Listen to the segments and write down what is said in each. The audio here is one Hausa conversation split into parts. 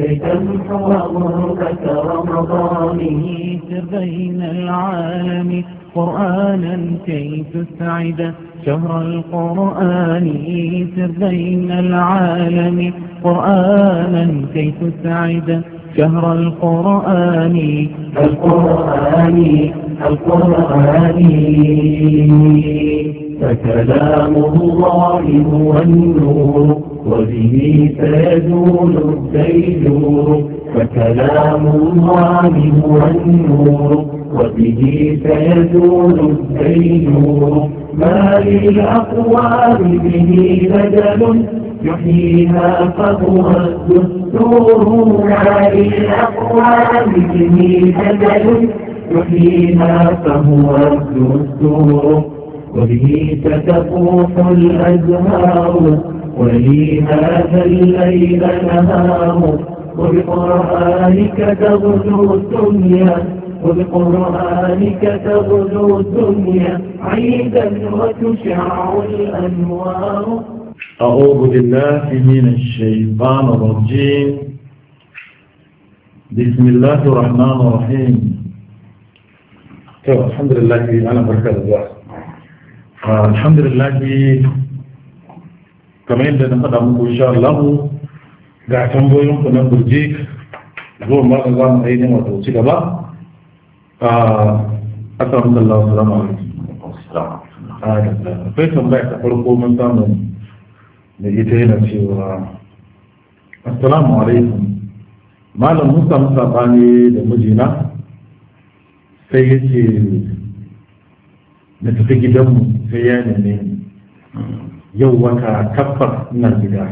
لتمحو غربة رمضانه بين العالم قرآنا كي تسعد شهر القرآن سر بين العالم قرآنا كي تسعد شهر القرآن القرآن القرآن فكلام الله هو النور وبه تزول الدينور فكلام الله هو النور وبه سيزول الدينور ما للأقوام به بدل يحييها فهو الدستور ما للأقوال به بدل يحييها فهو الدستور وبه تتفوح الأزهار ولي هذا الليل نهاره وبقرآنك تغدو الدنيا وبقرآنك تغدو الدنيا عيدا وتشع الأنوار أعوذ بالله من الشيطان الرجيم بسم الله الرحمن الرحيم طيب، الحمد لله أنا بركة الله آه، الحمد لله kamar yadda na faɗa muku insha Allah ga tambayoyin ku na burje zuwa ma za mu ainihin wato ci gaba a samun alaikum salamu alaikum akwai tambaya ta farko mun samu da ita yana cewa assalamu alaikum malam musa musa bani da mijina sai ya ce na tafi gidanmu sai ya neme yau wata tabbas ina gida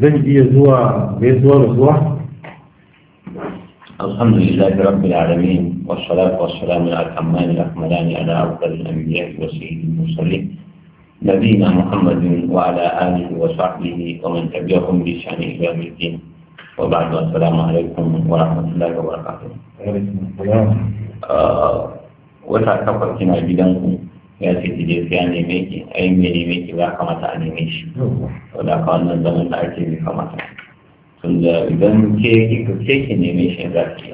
zan iya zuwa gaisuwar zuwa الحمد لله رب العالمين والصلاة والسلام على الأتمان الأكملان على أفضل الأنبياء وسيد المرسلين نبينا محمد وعلى آله وصحبه ومن تبعهم بشأن إلى الدين وبعد السلام عليكم ورحمة الله وبركاته. وعليكم السلام. وتعتقد كنا بدنكم ya ce ki je ya neme ki ai me neme ki ba kamata a neme shi ko da ka wannan zaman da ake bai kamata tun da idan ke ki ke ki neme shi za ki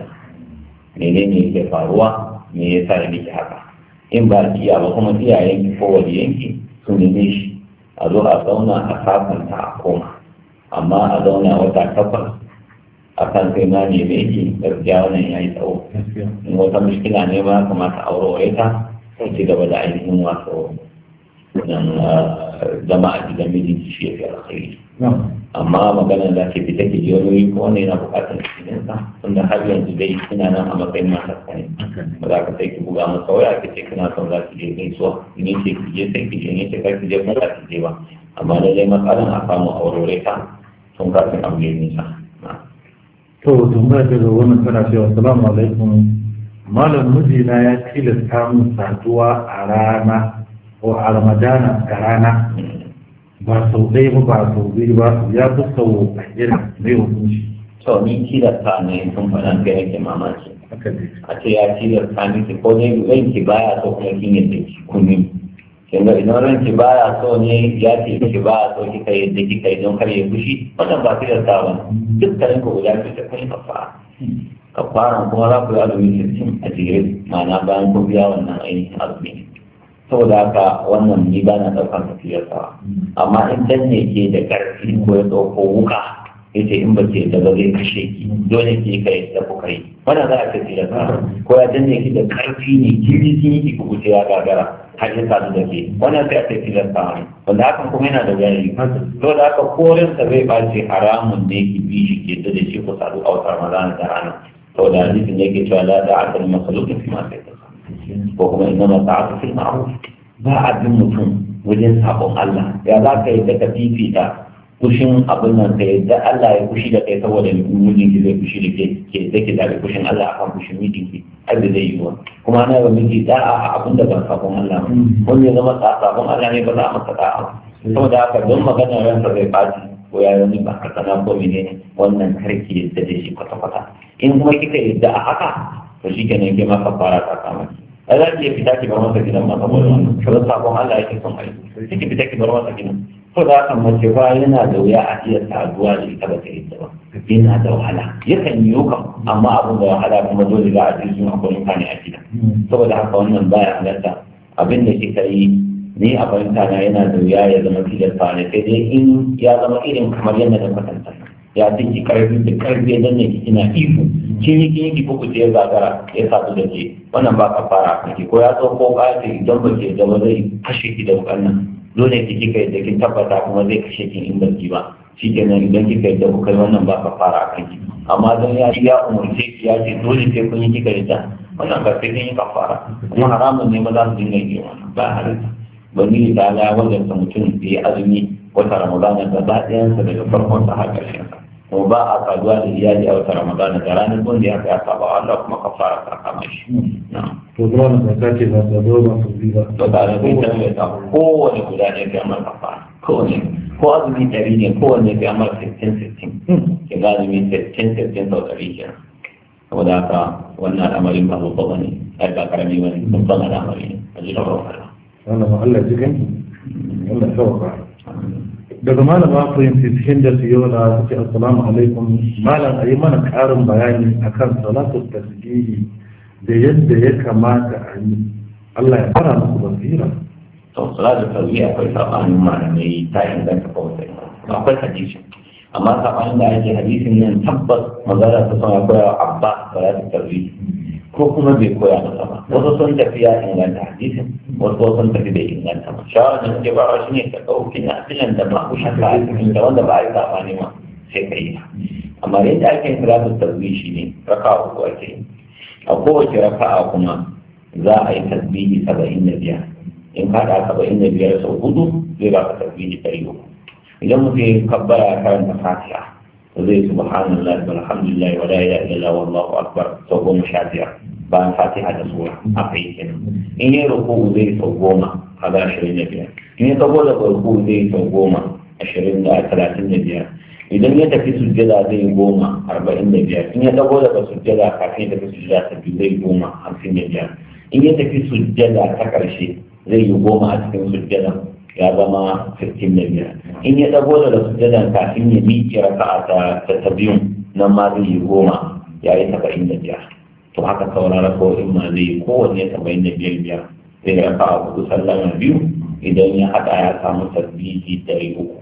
iya ne ke faruwa me sa ya miki haka in ba ki iya ba kuma iyayen ki ko yanki su neme shi a zo a zauna a sasanta a koma amma a zauna wata takwas a kan sai na neme ki gaskiya wannan ya yi tsawo in wata mushkila ne ma kamata auro ta sai ci gaba da ainihin wato nan eh, zama a gidan mijin shi ya fi alkhairi amma maganar da ke fita ke jiyo ne ko wanda yana bukatar cikin sa tunda har yanzu dai ina nan a matsayin matar ka ne ba za ka sai ki buga masa waya ka ce kana son za ki je gaisuwa ni ce ki je sai ki je ni ce ka ki je ba za ki je ba amma dai matsalan a samu aurore ta tun kafin aure nisa. to tun tumbar daga wani tana cewa salamu alaikum malam mijina ya tilasta min saduwa a rana ko a ramadana a rana ba sau ɗaya ba ba sau biyu ba ya fi sau a irin mai hukunci to ni tilasta ne sun faɗan ga yake mamaki a ce ya tilasta ni ki ko dai ranki baya so kuma kin yadda ki kuni kinga idan ranki baya so ne ya ce ki baya so kika yadda kika idan don kar ya fushi wannan ba tilasta ba mm. dukkanin ku guda ki ta kashe kafa mm. Ka fara kuma za ku yi azumi sittin a jere ma'ana bayan ku biya wannan ainihin azumi saboda haka wannan ni ba na ɗaukar sa amma in dan ne ke da ƙarfi ko ya ɗauko wuka ya ce in ba ce da ba zai kashe ki dole ke kai da ku kai wannan za a ce sa ko ya dan ne ki da ƙarfi ne kiri sun yi ku kuce ya gagara har ya sadu da ke wannan sai a ce sa wani wanda hakan kuma yana da gani saboda haka korinsa zai ba ce haramun ne ki bi shi ke da shi ku sadu a wata ramadana da rana saboda hadisin yake cewa la da'ata lil makhluq fi ma ko kuma inna ma ta'ata fil ma'ruf ba a bin mutum wajen sabon Allah ya za ka yi da titi fifita kushin abin nan ka yadda Allah ya kushi da kai saboda mijin ki zai kushi da ke ke zake kushin Allah akan kushin mijin ki har da zai yi wa kuma ana yi wa miji a abin da ba sabon Allah ba ya zama Allah ne ba za a ba saboda haka don magana ransa zai bati. ko ya wani ba a kana ko mene wannan karki yadda da shi kwata-kwata in kuma kika yadda a haka to shi nan ke maka fara ta kama ai za ki iya fita ki bar masa gidan ma saboda wannan shi sabon Allah yake son ai sai ki fita ki bar masa gidan ko za haka mace ba yana da wuya a iya saduwa da ita ba ta yadda ba yana da wahala yakan yi yau amma abin da wahala kuma dole za a jirgin akwai mutane a gida hmm. saboda haka wannan baya halatta abin da kika yi ni a fahimta na yana da wuya ya zama filin ba sai dai in ya zama irin kamar yadda da kwatanta ya tinki karfi da karfi dan ne kina ihu kin yi kin yi ki kuku ya zagara ya sadu da ke wannan ba ka kafara kake ko ya zo ko ka ce idan ba ke zama zai kashe ki da wannan dole ki kika yadda kin tabbata kuma zai kashe ki in barki ba shi kenan idan kika yadda ku kai wannan ba ka kafara kake amma don ya ya umurce ki ya ce dole sai kun yi kika yadda wannan ba sai kin yi fara. kuma haramun ne ma za su dinga yi wannan ba halitta. domin ta ya wajarta mutum ya azumi wata ramadana gaba ɗayansa daga farkon sa har ƙarshen sa kuma ba a saduwa da iyali a wata ramadana da ranar da ya kai saba Allah kuma ka fara ta kama shi to kuma na ta ce ba da dole ba su bi ba to da ne bai tafiya ta kowane guda ne ga amma ka fara kowane ko azumi ɗari ne kowane ga amma sittin sittin ke ga azumi sittin sittin sau ɗari kenan saboda haka wannan al'amarin ba babba ba ne ai ba karami ba ne babban al'amari ne a jiran rawa malama Allah ji kanki Allah sauka daga malama fahimci cikin da su yau na suke assalamu alaikum malam a yi mana karin bayani a kan salatu tasbihi da yadda ya kamata a yi Allah ya fara muku basira to salatu tasbihi akwai sabanin malamai ta inganta kawai akwai hadisi amma sabanin da ake hadisin nan tabbas magana ta sama koya abba salatu tasbihi ko kuma bai koya masa ba wasu sun tafiya inganta hadisin wasu sun tafi da inganta ba shawara da suke bawa shi ne ka ɗauki na filan da ba ku cikin da wanda ba a yi ne ma sai ka yi amma yadda ake kira da tasbih shi ne raka uku ake yi a kowace a kuma za a yi tasbihi saba'in da biyar in kaɗa saba'in da biyar sau hudu zai ba ka tasbihi ɗari uku idan mutum kabbara kabbara ya karanta fatiha zai subhanallah walhamdulillah wa la ilaha illallah wallahu akbar sau goma sha biyar bayan fatiha da sura a yi kenan in yi ruku zai sau goma a ga ashirin da biyar in yi tago da ruku zai sau goma ashirin da talatin da biyar idan ya tafi sujjada zai goma arba'in da biyar in ya tago daga sujjada kafin ya tafi sujjada ta biyu zai goma hamsin da biyar in ya tafi sujjada ta ƙarshe zai yi goma a cikin sujjada ya zama 15 da biyar in ya tago daga sujjada kafin ya miƙe raka'a ta ta biyun nan ma zai yi goma ya yi saba'in biyar to haka saurara ko in ma zai yi kowanne saba'in da biyar biyar sai ya fa hudu sallama biyu idan ya haɗa ya samu tasbihi dari uku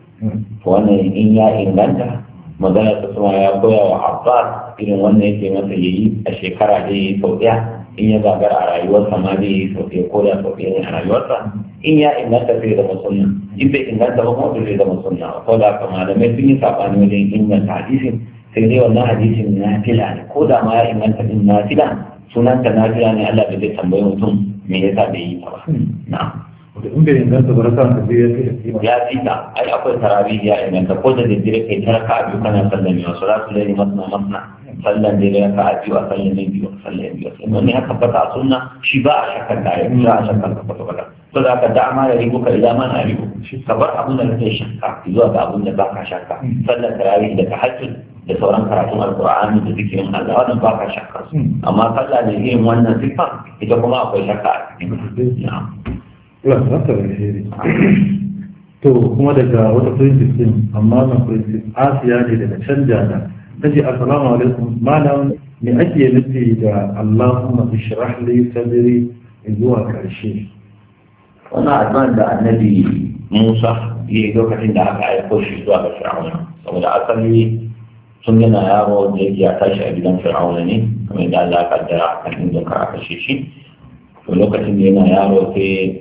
to wannan in ya inganta magana ta suma ya koya wa abbas irin wannan yake masa ya yi a shekara da ya yi sau ɗaya in ya gagara a rayuwarsa ma zai yi sau ɗaya ko da sau ɗaya ne a rayuwarsa in ya inganta zai zama sunna in bai inganta ba kuma zai zama sunna ko da da malamai sun yi saɓani wajen inganta hadisin sai dai wannan hadisin na fila ne ko da ma ya inganta din na fila sunan ka na fila ne Allah bai zai tambayi mutum me yasa bai yi ta ba hmm. na'am in bai inganta ba rasa ka ya fi da ya fi da ai akwai tarabi ya inganta ko da daddare kai ta raka a biyu kana sallan yau. wasu rasu lari masna masna sallan dai ka a biyu a sallan biyu a sallan biyu a sallan biyu wani haka fata sunna shi ba a shakar da ya za a shakar da kwata-kwata so za ka dama da ribu ka ila mana ribu ka bar abin da kake shakka zuwa ga abin da baka shakka hmm. sallar tarawih da tahajjud da sauran karatun alqur'ani da zikirin Allah wannan baka shakka hmm. amma sallah da yin wannan sifa ita kuma akwai shakka a cikin Allah ta alheri to kuma daga wata princess din amma na princess Asiya ne daga canja da tace assalamu alaikum malam me ake nufi da Allahumma ishrah li sadri zuwa karshe wannan addu'an da annabi musa ya yi lokacin da aka aiko shi zuwa ga fir'auna saboda asali sun yana yaro da yake ya tashi a gidan fir'auna ne kamar yadda Allah ka kaddara a kan inda ka aka shi shi to lokacin da yana yaro sai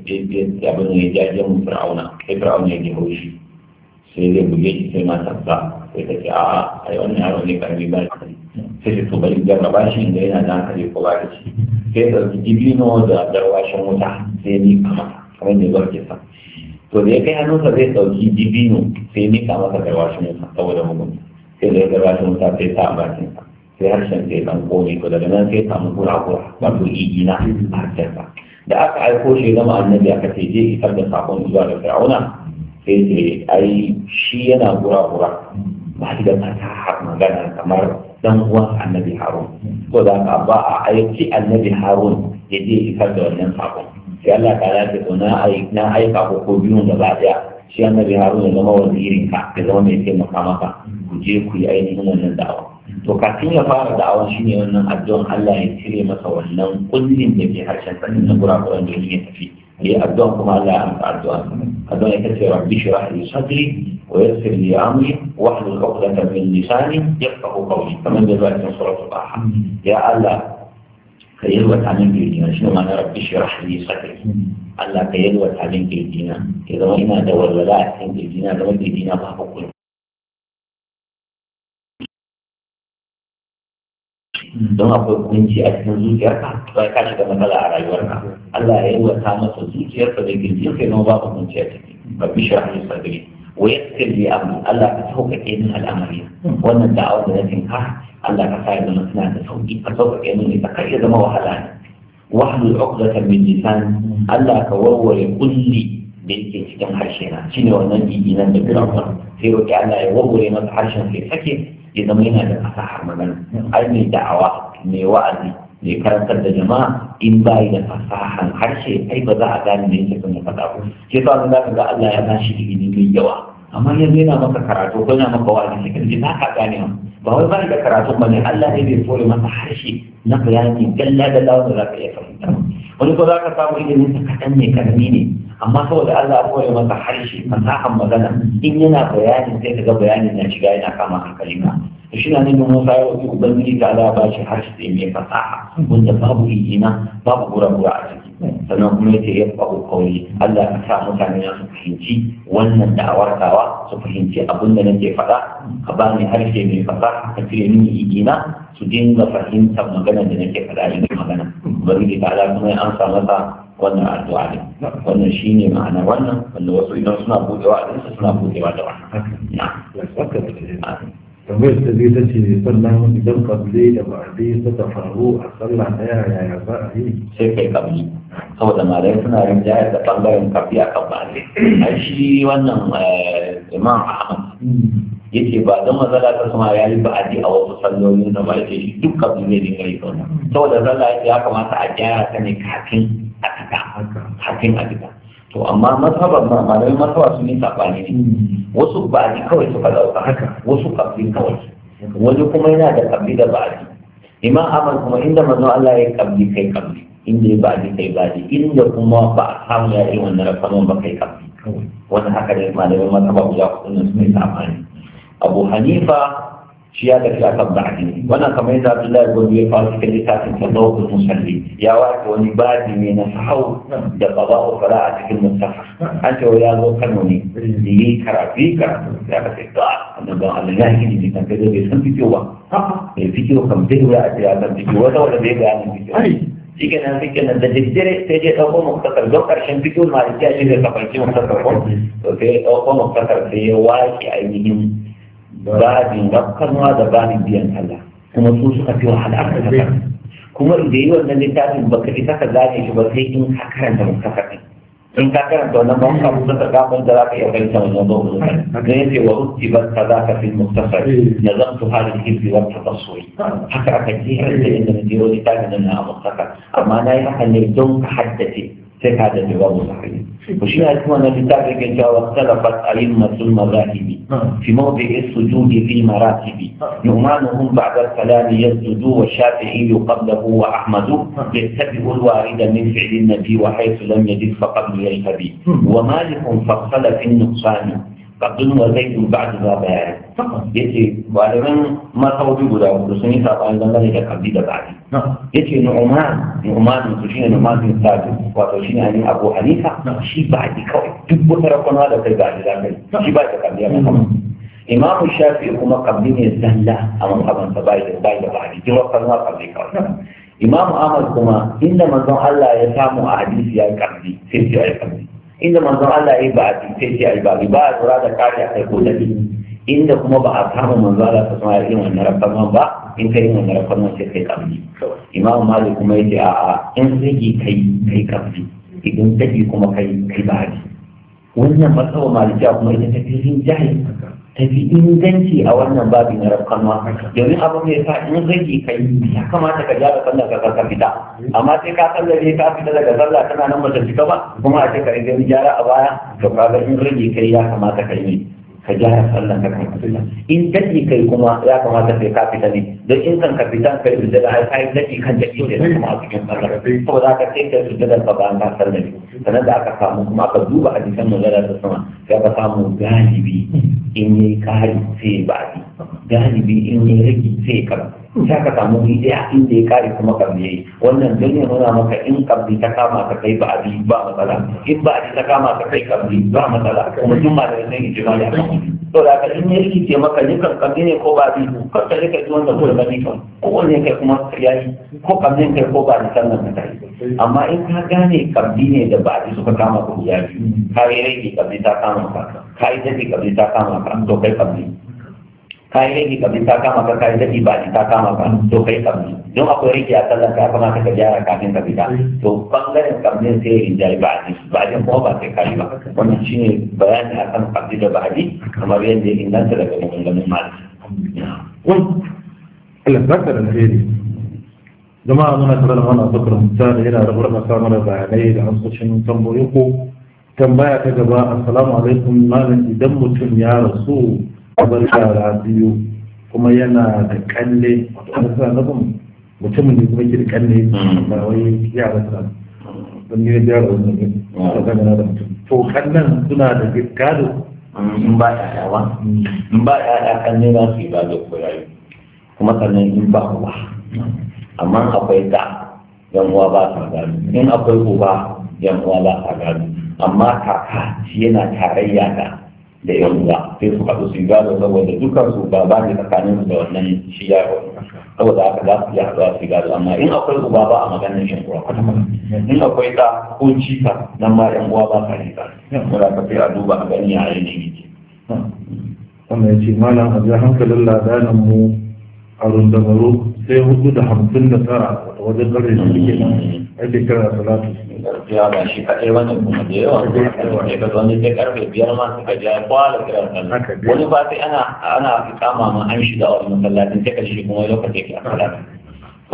ya abin ya jaje mu fir'auna sai fir'auna ya ji haushi sai zai buge shi sai matarsa sai ta ce a'a yi wannan yaro ne karami ba shi sai shi to bari jarraba shi inda yana da hankali ko ba shi sai ya ɗauki dibino da darwashin wuta sai ni miƙa kamar ne zuwa ke sa to da ya kai sa zai sauki dibino sai ne ka masa washe ne saboda mugun sai da ya shi wuta sai sa a bakin sa sai harshen sai dan ƙone to daga nan sai samu kura-kura wato igi na harshen sa da aka aiko shi zama annabi aka ce je ki da sakon zuwa da fir'auna sai ce ai shi yana kura-kura ba shi da har magana kamar dan uwan annabi harun ko da ka ba a aiki annabi harun ya je isar da wannan sakon sai Allah ta lafi ko na aika ko ko biyun da baya shi an nabi haru ne zama wazirin ka ya zama mai taimaka maka ku je ku yi ainihin wannan da'awa to kafin ya fara da'awa shine wannan addu'an Allah ya cire masa wannan kullin da ke harshen sanin na guraguran da ya tafi ya addu'an kuma Allah ya amsa addu'an addu'an ita ce rabbi shrah li sadri wa yassir li amri wa hlul 'uqdatan min lisani yafqahu qawli kamar da zai cikin suratul ahad ya Allah ka yalwata min kirjina shi ne ma'ana rabbi shirah li sadri Allah ka yalwata min kirjina ya zama ina da walwala a cikin kirjina zama kirjina ba hukun don akwai kunci a cikin zuciyarka to ka shiga matsala a rayuwarka Allah ya yalwata masa zuciyarka da kirjinka ya zama babu kunci a ciki rabbi shirah li sadri ويسر لي أمري الله كسوك كيمن الأمر وأن الدعوة التي نقع الله كسائر المسنى كسوكي كسوك كيمن لتكر إذا ما وحلان وحل العقدة من لسان الله كوور كل بيك كم حرشنا شنو وأن إينا بكرامة في روكي الله يوور ما تحرشنا في سكي إذا ما ينادى أصحى مغنى أي دعوة مي وعدي mai karantar da jama'a in ba yi da fasahan harshe ai ba za a gane ne yake kan faɗa ko ke sa za ka ga Allah ya bashi ilimi mai yawa amma yanzu yana maka karatu ko yana maka wa'azi cikin ji na kaɗa ne ba wai bani da karatu ba ne Allah ne bai kore maka harshe na bayani galla da lawan da za ka iya fahimta wani ko za ka samu ilimin sa kaɗan ne karami ne amma saboda Allah ya kore masa harshe fasahan magana in yana bayani sai ka ga bayanin na shiga yana kama hankali na to shi na nemi Musa ya wuce ubangiji ta Allah ba shi harshe mai fasaha wanda babu ijina babu gura-gura a ciki sannan kuma yake ya faɗo kauli Allah ka sa mutane na su fahimci wannan da'awar tawa su fahimci abin da nake faɗa ka ba ni harshe mai faɗa ka cire mini igina su dinga fahimtar magana da nake faɗa yin magana bari da ta'ala kuma ya amsa masa wannan addu'a ne wannan shine ma'ana wannan wanda wasu idan suna buɗewa a suna buɗewa da wannan kamar ta zai ta ce sannan idan kabile da ba'adi ta faru a sallah ta yaya ba a yi sai kai kabile saboda malai suna yin jaya da bangaren kabi a kan ba'adi a shi wannan eh, imam ahmad ya ce ba don mazala ta suma ya yi ba'adi a wasu sallolin da ba ce shi duk kabile ne ya yi sauna saboda zalla ya kamata a gyara ta ne kafin a fita kafin a fita to amma mazhaban ma malamai mazhaba sun yi sabani ne mm. wasu ba'adi kawai suka dauka haka wasu kabli kawai wani kuma yana da kabli da ba'adi imam amal kuma inda manzo Allah ya kabli kai kabli inda ba'adi kai ba'adi inda kuma ba samu ya yi wannan rakamon ba kai kabli wannan haka ne malamai mazhaba guda kudin sun yi sabani abu hanifa سياده سياسه بعدي وانا كما يزا عبد الله يقول لي قالت كل ساعه تنوض المصلي يا واحد وني بعدي من الصحو يا قضاء فلا اعتك المستخر انت ويا ذو كنوني لي كرافيك يا بس اقدار انا بقى لله هنا اللي إيه، كان كده بيسمى في جوا في جوا كم تدوى اعتي هذا في جوا ده ولا بيبقى عن في جوا في كان في كان ده جدير تيجي تقوى مختصر جوا عشان في ما يتعجي ده تقوى مختصر جوا مختصر في واحد يعني babin rafkanwa da babin biyan Allah kuma su suka fi wahala a kan kuma da yi wannan littafin ba ka isa ka gane shi ba sai in ka karanta mutaka in ka karanta wannan ban ka mutu ka gaban da za ka iya fahimta wannan ba ka mu ne yace wa na kadaka fil fara nazamtu hadhihi hibbi wa tafassuri haka aka ji har da inda ne yau littafin nan na mutaka amma na yi haka ne don ka haddace سكادة جواب صحيح وشيء اسمه نبي تابق إن جاوة اختلفت أئمة المراتب في موضع السجود في مراتب نؤمن هم بعد الكلام يسجد والشافعي قبله وأحمد يتبع الوارد من فعل النبي وحيث لم يجد فقبل يلتبي ومالك فاختلف النقصان abdul mazaidu ba'd ma bayan faqat yace malaman masauki guda hudu sun yi sabani dangane da kabli da ba'di yace nu'man nu'man su shine nu'man bin sabit wato shine anin abu hanifa shi ba'di kawai duk wata rakwana da kai ba'di da kai shi ba da kabli da imamu shafi kuma kabli ne zalla a makaban sa bai da bai da ba'di duk rakwana kabli kawai imamu ahmad kuma inda manzon Allah ya samu a hadisi ya kabli sai ya kabli inda manzon Allah ya yi ba a tice a ba ba a lura da kare a kai ko da inda kuma ba a samu manzo Allah ta sama irin wannan rafaman ba in kai irin wannan rafaman sai kai kamni imamu malik kuma yace a a in rigi kai kai kamni idan dadi kuma kai kai ba wannan matsala malikiya kuma ita ta cikin jahil tafi inganci a wannan babi na rafkanwa domin abin mai sa in rage kai ya kamata ka gyara sallah ka ka fita amma sai ka sallah ne ka fita daga sallah tana nan ba ta fita ba kuma a ce ka rage gyara a baya to kaga in rage kai ya kamata ka yi ka gyara sallan ka kai fitilla in daɗi kai kuma ya kamata sai ka fita ne don in kan ka fita kai sujjada har kai daɗi kan daɗi ne kuma a cikin sallar saboda ka sai kai sujjada ka ba ka sallar sannan da aka samu kuma aka duba a cikin magana da sama ya ka samu galibi in yi kari sai ba galibi in yi rage sai kara za ka samu bidiya inda ya kare kuma kabli yayi wannan don ya nuna maka in kabli ta kama ka kai ba abi ba matsala in ba abi ta kama ka kai kabli ba matsala kuma duk malamin nan ijma ya kama to da ka in ya rikice maka dukan kabli ne ko ba abi kar ka rika ji wanda kuma gani kan ko wanne kai kuma yayi ko kabli kai ko ba abi sannan ka kai amma in ka gane kabli ne da ba abi suka kama ka guda biyu ka yi rage kabli ta kama ka ka yi dade kabli ta kama ka to kai kabli kayi rage kabin ta kama ka kayi daɗi ba ta kama ka to kai kabin don akwai rage a sallar ka kamata ka gyara kafin ka fita to bangaren kabin sai in rinjaye ba ni ba ni kuma ba sai kayi ba wannan shine bayani a kan kabin da ba a ji kamar yadda ya inganta daga maganganun malami. Allah ba ka da alheri jama'a muna tare da wannan zukar misali yana da wurin samar da bayanai da asusun tambayoyi ko tambaya ta gaba assalamu alaikum malam idan mutum ya rasu kamar shara biyu kuma yana da kalle wata na nufin mutumin ne kuma ke da kalle ba wai yara suna don ne da yaro ne ta zama da mutum to kallon suna da gado in ba ta yawa in ba ta yaya kalle za su yi gado ko yayi kuma sannan in ba uwa amma akwai da yan uwa ba ta gado in akwai uba yan uwa ba ta gado amma kaka yana tarayya da da yan uwa sai su haɗu su yi gado saboda dukkan su ba ba ne tsakanin da wannan shi ya yaro saboda haka za su iya haɗuwa su yi gado amma in akwai uba ba a maganar yan uwa in akwai ɗa ko cika nan ma yan uwa ba ka rika wanda ka fi a duba a gani a yanayi ne. wannan ya ce malam a hankalin ladanin mu a rundamaro sai hudu da hamsin da tara a wajen karfe shi suke nan ake kira salatu ya ba shi kaɗai wani kuma da yawa ne ka wani sai karfe biyar ma suka ja kwala kiran sallah wani ba sai ana ana kama ma an shiga wani masallaci sai ka shi kuma lokaci ke a salatu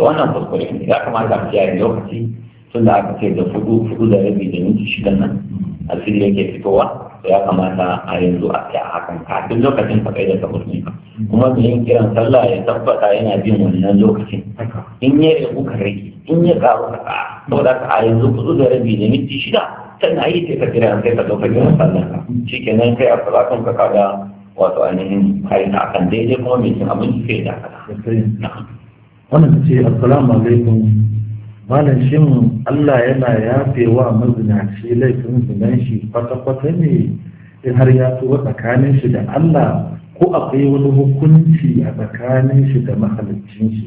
to wannan kuskure ne ya kamata a kiyaye lokaci tun da aka ce da hudu hudu da rabi da minti shida nan asiri yake fitowa ya kamata a yanzu a ya hakan kafin lokacin ka kaida ka burmi ka kuma mai yin kiran sallah ya tabbata yana bin wannan lokacin in ya rabu ka rage in ya karu ka to da ka a yanzu kudu da rabi da minti shida tana yi sai ka kira sai ka ka kiran sallah ka shi kenan kai a salatun ka kada wato ainihin kai na kan daidai kuma mai cin abinci sai da ka wannan ce assalamu alaikum malam shin Allah yana yafe wa mazinaci laifin zinan shi kwata-kwata ne in har ya tuba tsakanin shi da Allah ko akwai wani hukunci a tsakanin shi da mahalicin shi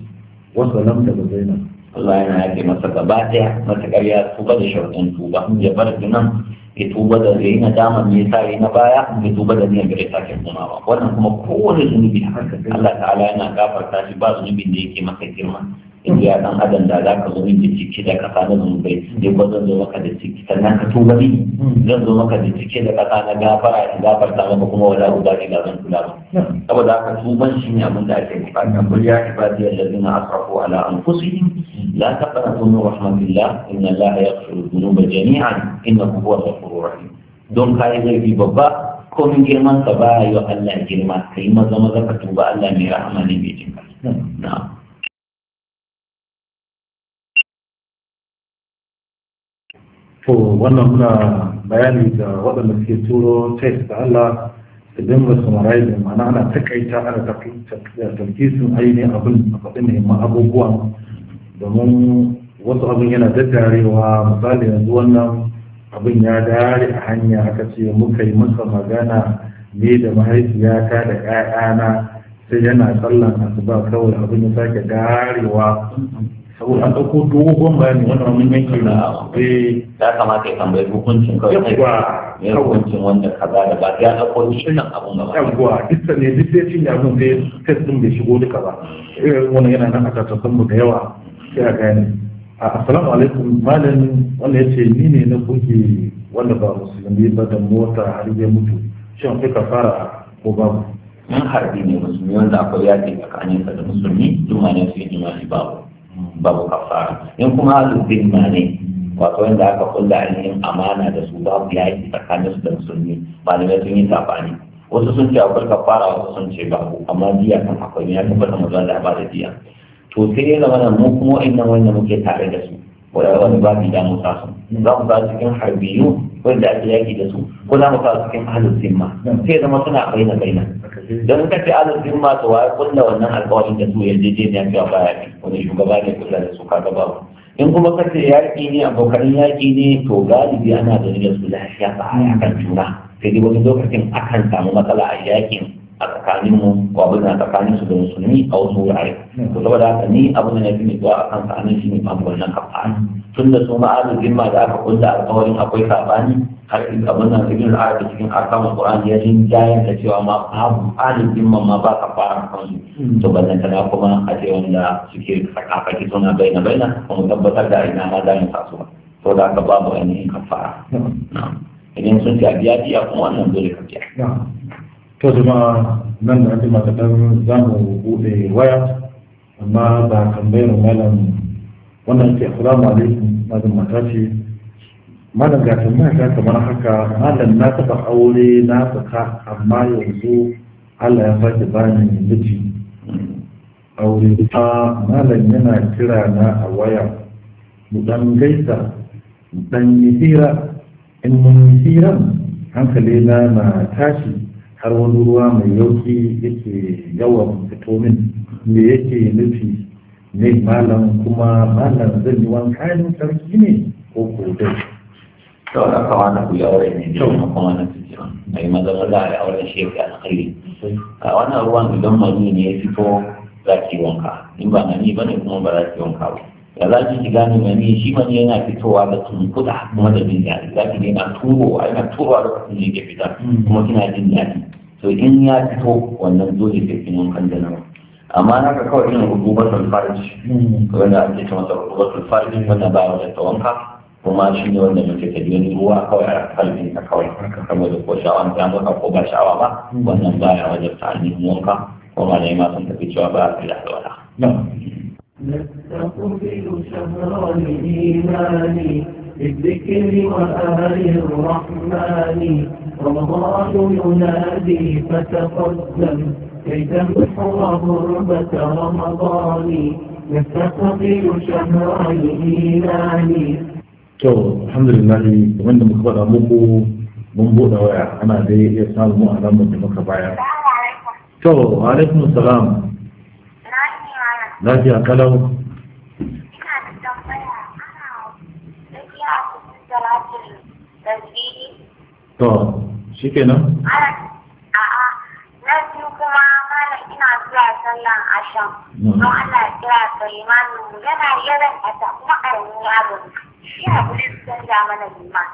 wasu lam da nan. Allah yana yafe masa gaba daya matakar ya tuba da sharuɗin tuba ya bar zinan ya tuba da zai na damar ne sa na baya ya tuba da niyan gare sake kuma ba wannan kuma kowane zunubi Allah ta'ala yana gafarta shi ba zunubin da yake masa girma in ya dan adam da za ka zo inda da da kasa na zunubai ne ko zan zo maka da cike sannan ka tuba ni zan zo maka da cike da kasa na gafara in ta maka kuma wala uba ne zan kula ba saboda haka tuban shi ne abin da ake bukata kul ya ibadi allazina asrafu ala anfusihim la taqnatu min rahmatillah inna allaha yaghfiru dhunuba jami'a inna huwal ghafurur rahim don kai zai babba komin girman ka ba yi Allah girma ka yi maza maza ka tuba Allah mai rahama ne mai jinka na'am to wannan muna bayani da waɗanda suke turo test da Allah idan ba su marayi da ma'ana ana takaita ana tarkisin ainihin abin a faɗin neman abubuwa domin wasu abin yana daddarewa misali yanzu wannan abin ya dare a hanya aka ce muka yi masa magana ne da mahaifiyata da 'ya'yana sai yana tsallan asuba kawai abin ya sake darewa saboda an ɗauko dogon bayani wannan mun yanke na eh ya kamata ya tambayi hukuncin kawai ne hukuncin wanda kaza da ba ya ɗauko shirin abun gaba yawwa dukkan ne duk sai cin abun sai test din bai shigo duka ba irin eh, wannan yana nan a tattasan mu da yawa sai a gane assalamu alaikum malam wanda ya ce ni ne na buge wanda ba musulmi ba da mota har ya mutu shin kai ka fara ko babu Mun harbi ne musulmi wanda akwai yaƙi tsakaninsa da musulmi duma ne sai jima'i babu babu kafara in kuma ahlul zimma ne wato wanda aka kulla ainihin amana da su babu yi tsakanin su da musulmi malamai sun yi wasu sun ce akwai kafara wasu sun ce babu amma biya kan akwai ya tabbata mu zan da ba da biya to sai ya zama mu kuma wa'annan wanda muke tare da su wani babu da mu sa su za mu sa cikin harbiyu wanda ake yaki da su ko za mu kawo cikin ahlul zimma sai zama suna baina kaina don ka ce ahlul zimma to wai kulla wannan alƙawarin da su yarjejeniya cewa baya yaki wani shugaba ne kula da su kaga babu in kuma ka ce yaƙi ne abokan yaƙi ne to galibi ana da su lafiya ba a kan juna sai dai wani lokacin akan samu matsala a yakin. a tsakanin mu ko abin da tsakanin su da musulmi a wasu wurare to saboda haka ni abin da na fi a kan sa'anin shi ne bangon na kafa tun da su ma'azin jimma da aka kulla alkawarin akwai sabani har in abin nan ibn al cikin arkamun qur'an ya yi jayan da cewa ma babu alin jimma ma ba ka fara kan su to ballan ta kuma a ce wanda suke sakafaki suna baina baina kuma tabbatar da ina ma da yin kasuwa to da aka babu ainihin kafara idan sun ci a biya biya kuma wannan dole ka biya to ma nan da ma ta dan zamu bude waya amma da tambayar malam wannan ke assalamu alaikum malam mata malam ga tambaya ta kamar haka malam na taba aure na saka amma yanzu Allah ya sake bani miji aure ta malam yana kira na a waya mu dan gaisa dan yi hira in mun yi hiran hankali na tashi har wani ruwa mai yauki yake yawan fito min me yake nufi ne malam kuma malam zan yi wanka ne sarki ne ko ko dai to da kawa na ku aure ne to kuma na ci mai maza maza ya aure shi a alkhairi ka wannan ruwan idan mani ne ya fito za ki wanka in ba mani kuma ba za ki wanka ba da za ki shiga ne mai shi mani yana fitowa da tunkuɗa kuma da jin daɗi za ki ne na turowa yana turowa lokacin da yake fita kuma kina jin daɗi to in ya fito wannan dole sai kin wankan da nawa amma na ka kawai irin rububatul farj wanda ake ce masa rububatul shi wanda ba wa da wanka kuma shi ne wanda mace ta ji ruwa kawai a kalbin ka kawai da ko sha'awa ta maka ko ba sha'awa ba wannan baya wajen ta wanka kuma ma ne ma sun tafi cewa ba a fi da alwala نستقبل شهر الإيمان بالذكر وآل الرحمن رمضان ينادي فتقدم كي تمحو غربة رمضان نستقبل شهر الإيمان تو الحمد لله وعند مخبر أمكو منبو دوايا أنا دي يسال مو أهلا من مكبايا تو عليكم السلام lafiya kalau to shi nan. a'a na biyu kuma mana ina zuwa sallan asham don Allah kira yana yawan ata kuma karamin yaro shi a kudi su canza mana liman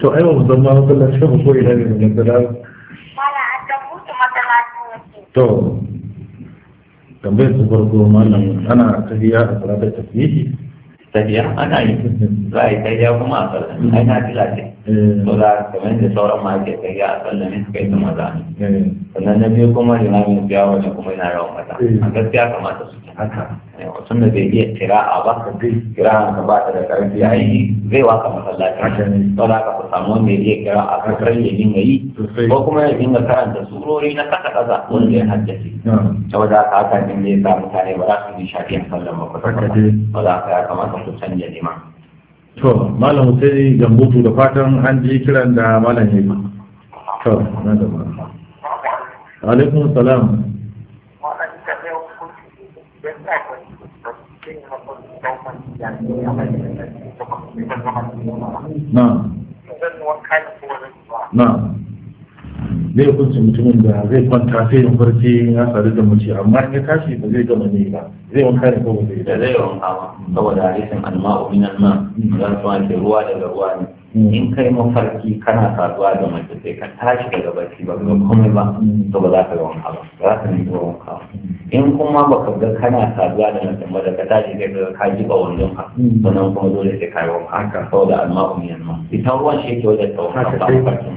to ai ba mu zama masallacin ko ina ne mu ne da mana an ta mutu masallacin to tambayar su farko malam ana tafiya a salatar tafiye tafiya ana yi za a yi tafiya kuma a salatar ai na Eh. saura kamar da sauran ma ke kai ya ne suka yi ta maza ne eh. sannan na biyu kuma limamin biya wani kuma eh. kamata su haka mutum da bai iya kira'a ba kira'a ba ta da karfi a yi zai waka masallaci saura ka ku samu wanda ya iya kira'a ka ya dinga yi ko kuma ya dinga karanta surori na kasa kasa wanda ya haddace saboda haka haka ne ya sa mutane ba za su yi shafi a sallan ba ba za ka ya kamata ku canja liman to malam sai gambutu da fatan an ji kiran da malam ya yi to na da malam alaikum salam na zai kunci mutumin da zai kwanta sai yin farce ya sadu da mace amma ya tashi ba zai gama ne ba zai wanka ne kawai zai da zai wanka ba saboda hadisin alma'u min alma zan kuma ke ruwa daga ruwa ne hmm. in kai mafarki kana saduwa da mace sai ka tashi daga barci ba ga komai ba hmm. to ba za ka ga wanka ba za ka nemi wanka ba hmm. in kuma ba ka ga kana saduwa da mace ba daga tashi sai ka ka ji wannan ka sannan kuma dole sai ka yi wanka saboda alma'u min alma ita ruwan shi yake wajen tawakka ba farkin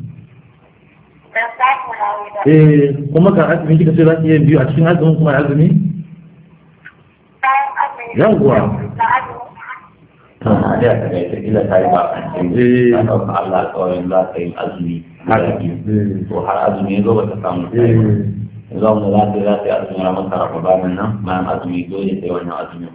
eh kuma ka azumi kika ce za ki yi biyu a cikin azumin kuma azumi yawwa ya ta yi ba eh. a cikin Allah tsawon za ta yi azumi eh. har azumi ba ta samu eh. za mu ta bayan azumi dole azumi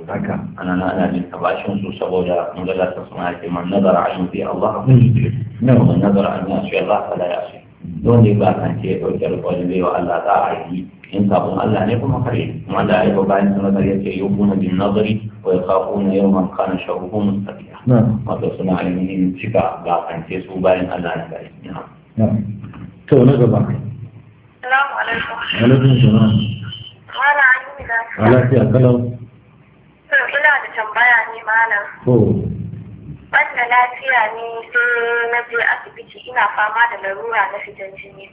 na su saboda nazara a Allah hmm. nazara a Don ne ba kan ce ya ɗauki alƙawari zai wa Allah za a yi in kafin Allah ne kuma kare kuma da aiko bayan suna zai ce yau kuma bin nazari ko ya kafu na yau man kana shahuhu mustaqiya wato suna ainihin cika ba kan ce su bayan Allah ne kare to na gaba salamu alaikum alaikum salam mala ayyuka lafiya kalau ina da tambaya ne malam banda lafiya ne sai na je asibiti ina fama da larura na fitan jini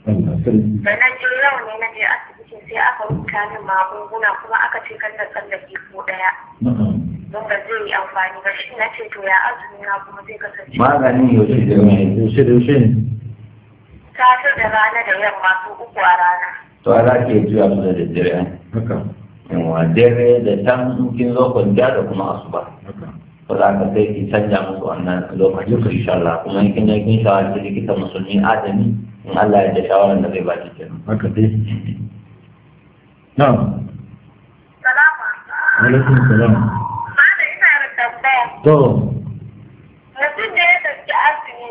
da na je yau ne na je asibiti sai aka rubuta min magunguna kuma aka ce kan da tsallake ko daya don ba zai yi amfani ba shi na ce to ya azumi na kuma zai kasance maganin yaushe da yaushe da yaushe safe da rana da yamma su uku a rana to a ke juya su da daddare haka yawa dare da tan kin zo kwanciya da kuma asuba ba za ka sai ki canja musu wannan lokacin ku kuma in kin kin shawara da likita musulmi adami in Allah ya da shawaran da zai ba ki kenan haka dai na'am salama alaikum salam ma ina da tambaya to mutum da ya tafi asibiti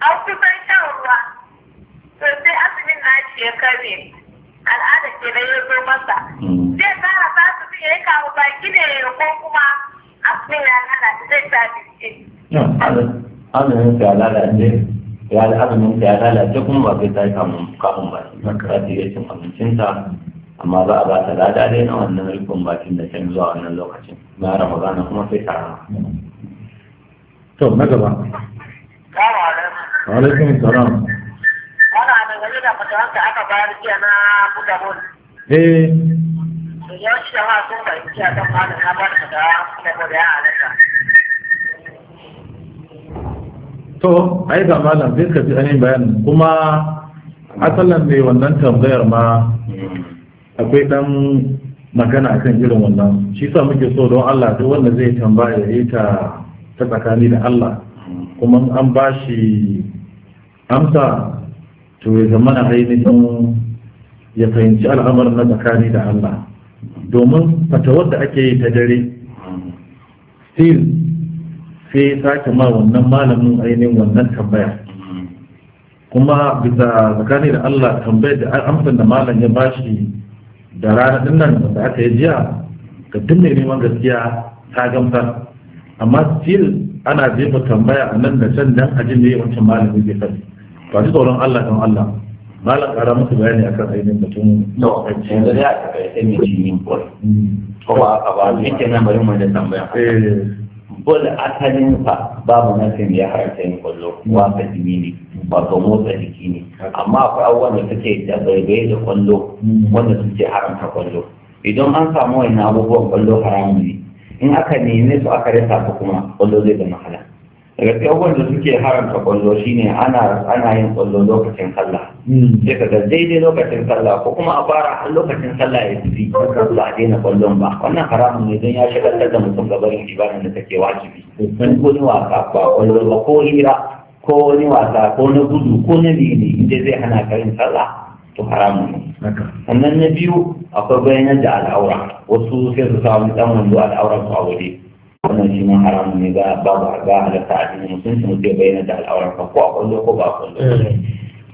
an kusan shan ruwa to sai asibitin na shi ya kare al'ada ke da ya masa zai fara sa su ya yi kawo baki ne ko kuma azumin ka lalace ya da azumin ka ya lalace kuma ba zai ta yi kamun ba za ta iya cin abincinta amma za a ba ta lada dai na wannan rikon bakin da can zuwa wannan lokacin na ramadana kuma sai ta rama to na gaba alaikum salam wani abin da aka bayar jiya na buga bol eh idan shi a kan na ba da To, ai ga malam zai ka ji anyi bayanin kuma asalin ne wannan tambayar ma akwai ɗan magana akan irin wannan shi sa muke so don Allah duk wanda zai tambaya ya yi ta ta tsakani da Allah kuma an ba amsa to ya zama ainihin ya fahimci al'amarin na tsakani da Allah domin fatawar da ake yi ta dare still sai sake ma wannan malamin ainihin wannan tambaya kuma bisa tsakani da Allah tambayar da amsar da malam ya bashi da ranar nan da aka yi jiya ga duk mai neman gaskiya ta gamsar amma still ana jefa tambaya a nan da can dan ajin da wancan malamin zai faɗi ba ji tsoron Allah don Allah malam kara musu bayani akan ainihin mutum yawanci da ya ka kai ne miji min bol ko ba aka ba ni ke nan bari mu da tambaya eh. bol asalin sa babu nasin ya harta yin kwallo wasa jini ne wato motsa jiki ne amma akwai abubuwan da suke da baibaye da kwallo hmm. wanda suke haramta kwallo idan an samu wani abubuwan kwallo haramun ne in aka nemi su aka rasa su kuma kwallo zai zama mahala. daga abubuwan da suke haramta kwallo shine ana ana yin kwallo lokacin sallah hmm. sai ka ga daidai lokacin sallah ko kuma a fara har lokacin sallah ya tafi ba a daina kwallon ba wannan haramun ne don ya shagaltar da mutum gaban ibadan da take wajibi don wani wasa ba kwallo ba ko hira ko wani wasa ko na gudu ko na mene, inda zai hana ka yin sallah to haramun ne sannan na biyu akwai bayanan da al'aura wasu sai su samu dan wando al'auran su a waje wannan shi ma haramun ne ga babu ba halatta a cikin mutum sun ke bayyana da al'aurar ka ko a kwallo ko ba a kwallo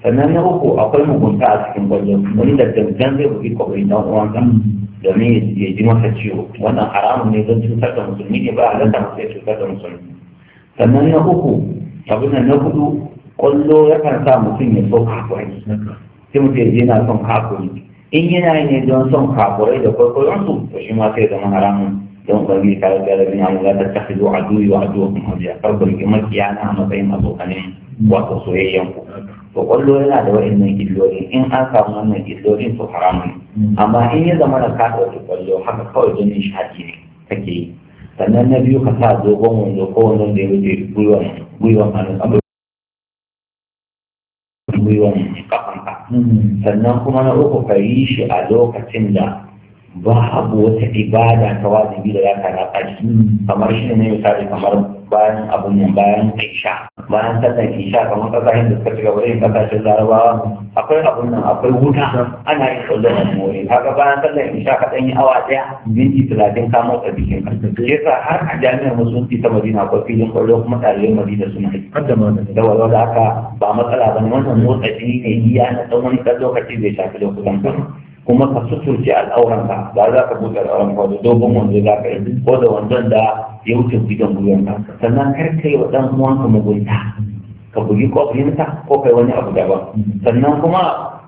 sannan na uku akwai mugunta a cikin kwallo wani da dangan zai bugi kwakwai dan uwan kan domin ya ji masa ciwo wannan haramun ne zan cutar da musulmi ne ba a halatta masa ya cutar da musulmi sannan na uku abin na hudu kwallo yakan sa mutum ya so kakwai sai mutum ya je yana son kakwai in yana ne don son kakwarai da kwaikwayonsu to shi ma sai zama haramun don kwarmi ka ga garabin yawon za ta kafa zuwa a duyi wa zuwa kuma biya karbar kimar kiyana a matsayin abokanin wato soyayyen ku to kwallo yana da wa'in nan illolin in an samu wannan illolin to haramu ne amma in ya zama na kaɗa wata kwallo haka kawai don nishaɗi ne kake yi sannan na biyu ka sa dogon wanzo ko wanda da ya wuce gwiwan gwiwan hannu kamar gwiwan kafanka sannan kuma na uku ka yi shi a lokacin da babu wata ibada ta wajibi da zaka na shi kamar shi ne misali kamar bayan abun nan bayan isha bayan sallar isha kamar yin da suka ci gaba yin kasashen larabawa akwai abun nan akwai wuta ana yin sallar mori haka bayan sallar isha ka ɗan yi awa ɗaya minti talatin ka motsa bikin ka yasa har a jami'ar musulunci ta madina akwai filin kwallo kuma ɗaliban madina suna yi da walau da haka ba matsala ba ne wannan motsa jini ne iya na ɗan wani ɗan lokaci zai shafi lokutan kan kuma ka suturce al'auranka ba za ka buɗe al'auran ba da dogon wanda za ka yi ko da wandon da ya wuce gidan ka sannan kar ka yi wa ɗan uwanka mugunta ka bugi kofinsa ko kai wani abu daban sannan kuma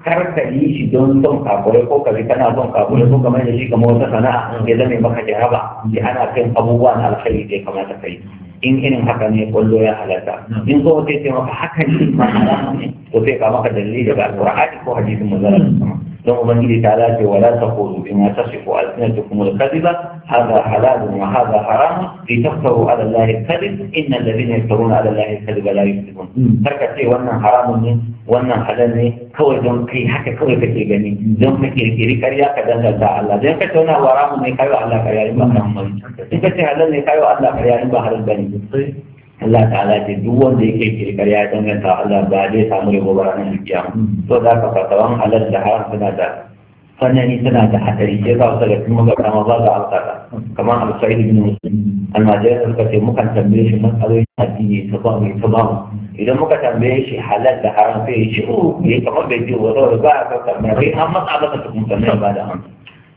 kar ka yi shi don son kakure ko ka kana son kakure ko kamar da shi kamar wata sana'a ya zame maka jaraba ya ana kai abubuwa na alkhairi da ya kamata ka yi in irin haka ne kwallo ya halatta in kuma sai ce maka haka ne ma'ana ne to sai ka maka dalili daga alqur'ani ko hadisin manzon Allah ثم قال تعالى ولا تقولوا بما تصف ألسنتكم الكذبة هذا حلال وهذا حرام لتفتروا على الله الكذب إن الذين يفترون على الله الكذب لا يفترون فكرت وانا حرام من وانا حلال كوي دون حكى حكا كوي كي جميل دون كي كي كي كريا كدن لدى الله دون كي تونا ورام كيو على كريا إما حرام من كي حلال كيو على كريا إما حرام من Allah ta'ala ce duk wanda yake kirkar ya danganta Allah ba zai samu rabo ba ranar kiyama to za ka wani halal da haram suna da sanani suna da hatsari sai za su ga cikin magana kama ba za a tsaka kamar al-sa'id ibn muslim sun ka ce muka tambaye shi matsalolin addini ta ba mai ta ba idan muka tambaye shi halal da haram sai ya ce oh ya kamar bai ji ba saboda ba a kan amma an matsa ka tukun sannan ba da hannu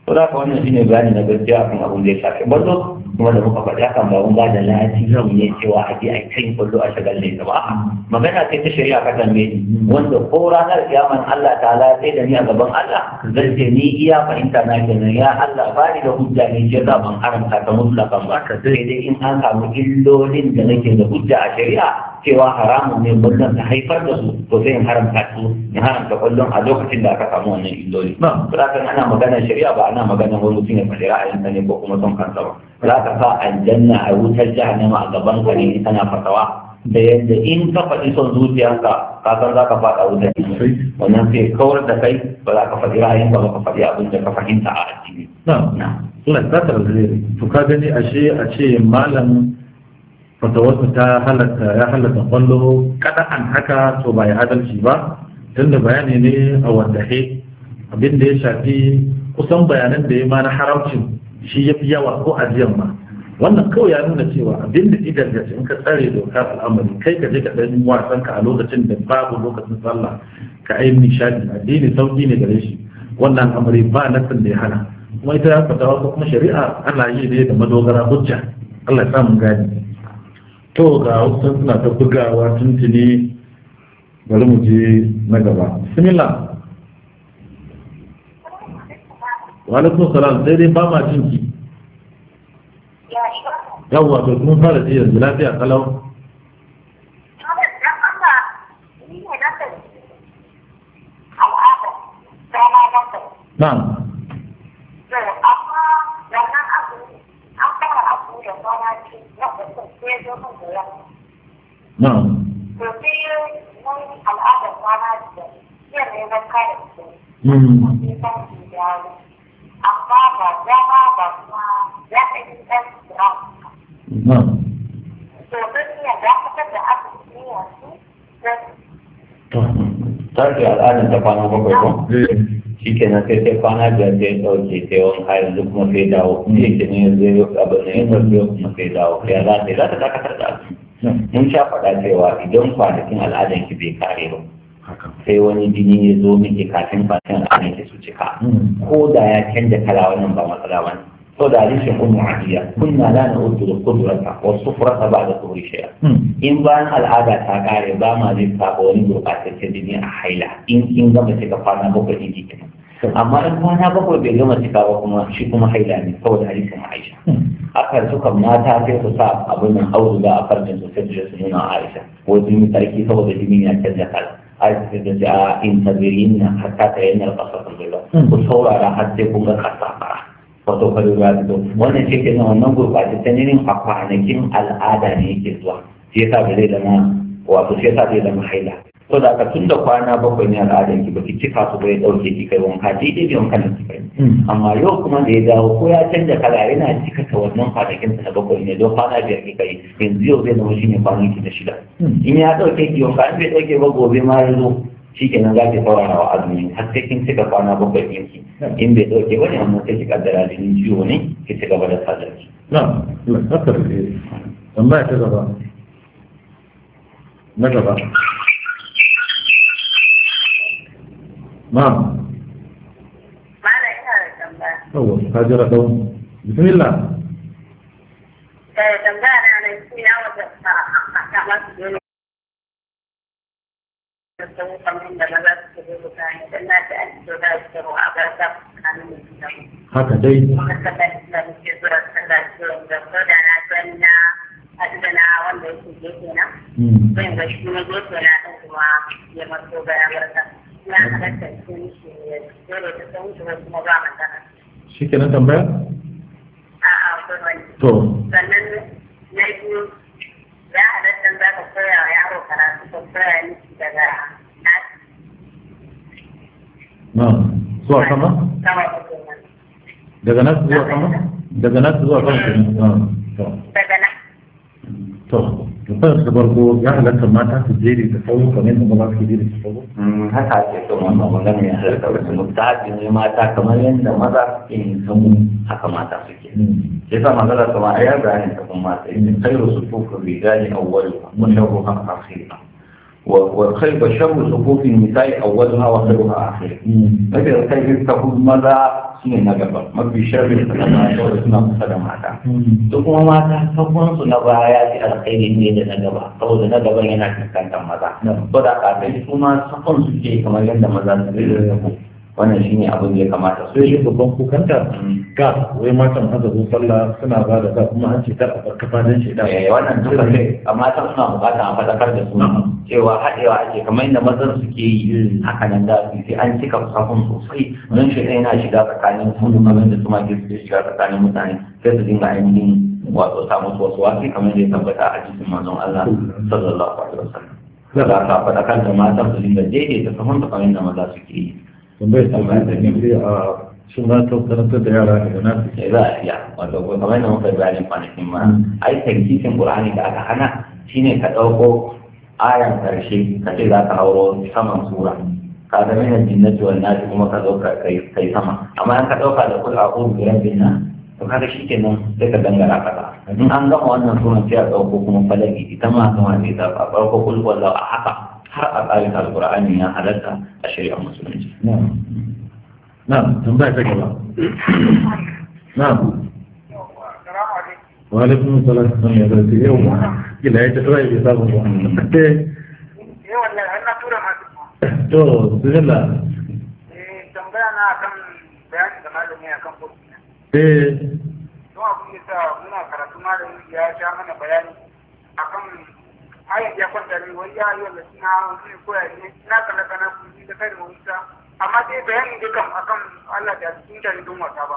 ko za ka wannan ne bayani na gaskiya kan abin da ya shafi ballo kuma da muka faɗi akan ba mun ba da lati zan ne cewa a je a kai ballo a shagal ne ba magana sai ta shari'a ka tambaye ni wanda ko ranar kiyaman Allah ta'ala sai da ni a gaban Allah zan ce ni iya fahimta na kenan ya Allah ba ni da hujja ne ke zaban haramta ta mutlaka ba sai dai in an samu illolin da nake da hujja a shari'a cewa haramun ne wannan ta haifar da su to sai in haramta su in haramta kullum a lokacin da aka samu wannan illoli za ka ana maganar shari'a ba ana maganar wani mutum ya faɗi ra'ayin sa ne ko kuma son kansa ba za ka sa aljanna a wutar jahannama a gaban ka ne tana fasawa da yadda in ka faɗi son zuciyarka ka san za ka faɗa wutar wannan sai kawar da kai ba za ka faɗi ra'ayin ba ba ka faɗi abin da ka fahimta a addini. Na'am. Suna tsatar da to ka gani ashe a ce malam fatawarsa ta halatta ya halatta kwallo kada'an haka to ba ya adalci ba tunda bayani ne a wadahe abin da ya shafi kusan bayanan da ya ma na haraucin, shi ya fi yawa ko ajiyar ma wannan kawai ya nuna cewa abin da idan in ka tsare dokar al'amari kai ka je ka ɗan wasan ka a lokacin da babu lokacin sallah ka ayi nishadi addini sauki ne gare shi wannan al'amari ba nasin da ya hana kuma ita ya fata wasu kuma shari'a ana yi ne da madogara hujja Allah ya samu gani to ga wasu suna ta bugawa tuntuni bari mu je na gaba bismillah wani alaikum salam sai dai ba ma jin Yau yawwa to fara ji yanzu lafiya kalau na'am Na'am. al'adar kwana da yin ne na kare da asibiti wasu. Ta al'adar ta kwana bakwai ko? Eh. shi kenan sai sai kwana biyar sai ɗauke sai wani kayan duk kuma sai dawo kuma yake ne yanzu zai yi abu ne ya zarfi kuma sai dawo sai za ta za ta dakatar da su mun sha faɗa cewa idan kwanakin al'adar ki bai kare ba sai wani jini ya zo miki kafin kwanakin al'adar ki su cika hmm. ko da ya canja kala wannan ba matsala ba ne saboda hadisin ummu adiya kunna la na'uddu al-qudrata wa sufrata ba'da tuhri shay'a hmm. in bayan al'ada ta kare ba ma zai saba wani gurbataccen jini a haila in kin gama cika kwana bakwai in jiki amma in kwana bakwai bai gama cika ba kuma shi kuma haila ne saboda hadisin aisha haka hmm. suka mata sai su sa abin nan auduga a farjin su sai su nuna aisha ko jini sarki saboda jini ya canza kala aisha ta ce a in tabirin na hatta ta yanar kasa kun saurara har sai ku ga kasa wato kwarewa da don wannan ce kenan wannan ta jinin a kwanakin al'ada ne yake zuwa shi yasa ba zai zama wato shi yasa zai zama haila to da ka tun da kwana bakwai ne al'adar ki baki cika su bai dauke ki kai wanka daidai da wankan da kai hmm. amma yau kuma da ya dawo ko ya canja kala yana cika ta wannan kwanakin ta bakwai ne don kwana biyar ki kai yanzu yau zai zama shi ne ki na shida hmm. in ya dauke ki wanka an bai dauke ba gobe ma ya zo shi kenan za ki saurara wa azumi har sai kin cika kwana bakwai ɗinki in bai ɗauke ne, amma sai ki kaddara jinin ciwo ne ki ci gaba da sadar ki. na haka da tambaya ta gaba na gaba ina da tambaya yawa ka bismillah eh, tambaya na shi a su haka dai shi kenan tambaya? to sannan na biyu idan za ka koya wa yaro karatu ka koya miki daga zuwa sama daga nan zuwa sama daga nan zuwa sama daga nan to tambayar ta farko ya halatta mata su jere da sauri kamar yadda maza su jere da sauri. Mm, haka ake so wannan magana ya halatta wani mutahabi ne mata kamar yadda maza suke yin samu haka mata suke. Mm. sai sa magana kama a yar bayanin ta kuma mata yin khairu sufufin rijali awwalu wa sharruha akhira wa khairu sharru sufufin nisa'i awwaluha wa a akhira. Mm. Mafi da kai ta maza shine na gaba mafi sharri da na da suna kusa da mata To kuma mata sabon su na baya ya fi alkhairi ne da na gaba saboda na gaban yana fuskantar maza da kafin su ma sabon su ke kamar yadda maza su zai da wannan shi ne abin da ya kamata sai shi babban kukanta ga wai matan haka zo sallah suna ba da ta kuma an ce a barkafa don shi da eh, wannan duka ne a matan suna bukata a fadakar da su cewa haɗewa ake kamar yadda mazan suke yi haka nan da su sai an cika safin sosai don shi sai yana shiga tsakanin su mazan da su ma ke shiga tsakanin mutane sai su dinga ainihin wato samun wasu wasi kamar da ya tabbata a cikin mazan Allah sallallahu alaihi wasallam. Zaka faɗakar da matan su dinga daidaita sahun da kamar yadda maza suke yi. tambayar ta bayan da ne a suna za da yara daga nasu ke za a iya wato ko kamar yadda muka bayani kwanakin ma ai tankisin qur'ani da aka hana shine ka ɗauko ayan karshe ka ce za ka hauro saman sura ka ga mina jinnati wal nasi kuma ka zo ka kai sama amma an ka ɗauka da kul a'udhu bi rabbin nas to kaga shikenan sai ka dangara kaza in an gama wannan sunan sai a ɗauko kuma falaki ita ma kuma sai ta farko kul wallahu a haka har a ƙarin alƙur'ani ya halatta a musulunci na'am tambaya ta gaba na'am wa alaikum salam sun ya zarce yau ma kila ya tafi rai bai sabu ba to bismillah eh, tambaya na bayani da malami akan eh to abin da muna karatu malami ya sha mana bayani ai ya kwanta ne wai ya yi wanda suna zai koya ne na kana kana kun ji da kai da wuta amma dai bayani da kan akan Allah da cikin da don wata ba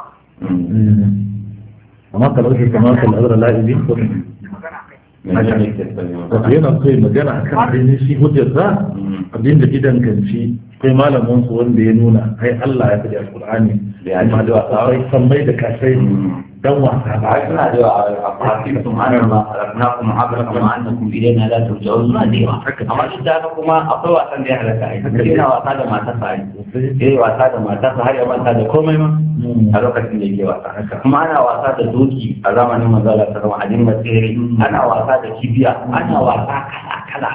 amma kalau shi kamar kan azra la'ibi ko wato yana so yi magana a kan ainihin shi hujjarsa abin da gidan kan ganci kai malamin su wanda ya nuna ai Allah ya fi da alkur'ani amma da wasu sammai da kasai mm. dan wasa ba da yawa a fasin da da akwai da ya da da da da ana da doki a zamanin a da kibiya ana kala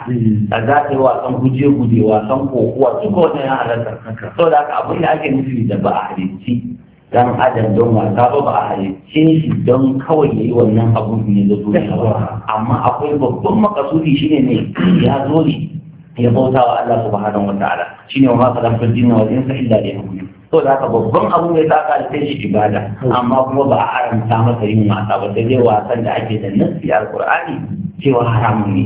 za ta yi wasan guje guje wasan kokowa duk wannan ya halaka saboda haka abin da ake nufi da ba a halicci dan adam don wasa ba ba a halicce shi don kawai ya yi wannan abun ne da duniya ba amma akwai babban makasudi shine ne ya zo ne ya bauta wa Allah subhanahu wa ta'ala shine wa ma khalaqtul jinna wal insa illa liya'budun to da haka babban abu mai da aka halitta shi ibada amma kuma ba a haramta masa yin wasa ba sai dai wasan da ake da nasi alqur'ani cewa haramun ne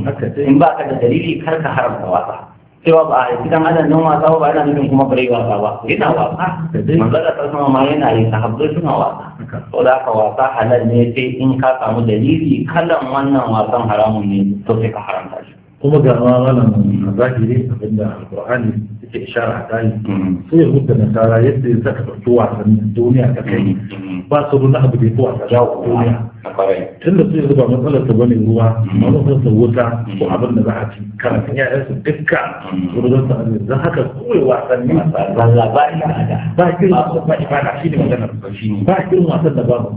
in ba ka da dalili kar ka haramta wasa cewa ba a cikin adan nan wasa ba ana nufin kuma bare wasa ba yana wasa manzala ta sama ma yana yi sahabbai suna wasa ko da haka wasa halal ne sai in ka samu dalili kalan wannan wasan haramun ne to sai ka haramta shi kuma ga malam zahiri abinda alqur'ani yake ishara ta mm. sai ya na nasara yadda ya saka ɗauki wasan duniya ka kai mm. ba su nuna abu da ya fi wasa duniya tun da su yanzu ba matsalar ta bane ruwa ba mm. matsalar ta wuta mm. ko abin da za a ci karatun yayan mm. su dukka gurbin sa ne don haka kowai wasanni zalla ba da. ba kirin wasan ba ibada shi ne maganar ba kirin wasan da ba mu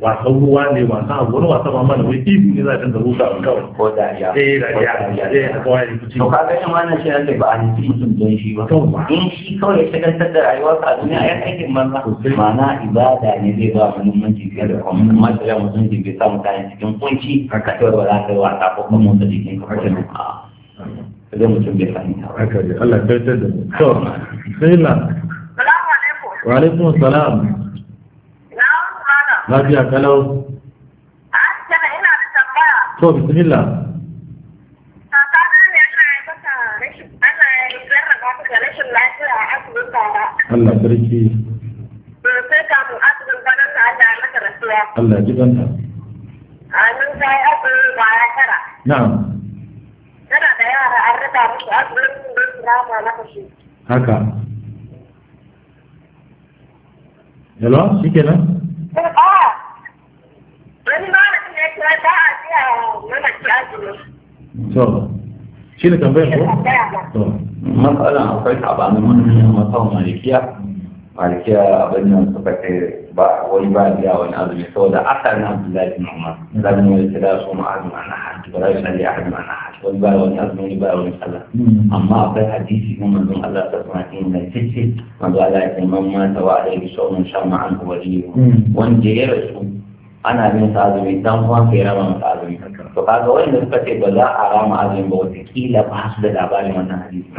wasan ruwa ne wasan abu wani wasan ma mana wai ibi ne za a dinga ruka kawai ko dariya eh dariya eh haka wani kuci to kaga yin wannan shi ne ba a nufi mutum don shi ba in shi kawai ya shagaltar da rayuwarsa a duniya ya aikin manza ma'ana ibada ne zai ba muhimmanci fiye da kuma ubangiji bai samu kayan cikin kunci har ka tsawar ba za ka yi ko kuma motsa jikin ka hakan a zai mutum bai fahimta ba. Haka ne Allah kai ta da mu. To, sai la. alaikum. Wa salam. Lafiya kalau. An ina da tambaya. To, bismillah. Allah sarki. Sai Allah ji ganta. Amin ta yi azumi kwaya tara. Na'am. Tana da yara an rika musu azumin da su rama na kashe. Haka. Hello, shi kenan? Eh, ah. Wani ma mutum ya kira ta a siya mana ki azumi. To, shi ne tambayar ko? To, matsala akwai sabanin manufin masau malikiya malikiya abin nan suka ce ba wani ba biya wani azumi saboda asalin abdullahi bin umar zan yi wani kira su ma azumi ana hajji ba za su shalli ahadu ana hajji wani ba wani azumi wani ba wani sallah hmm. amma akwai hadisi na manzon allah ta suna yin na cikin manzon allah ya ce man mata wa alaihi ma an ma'an waliyu hmm. Wani ya su ana bin sa azumi dan kuma ke rama masa to kaga wanda suka ce ba za a rama azumin ba kila ba su da labarin wannan hadisi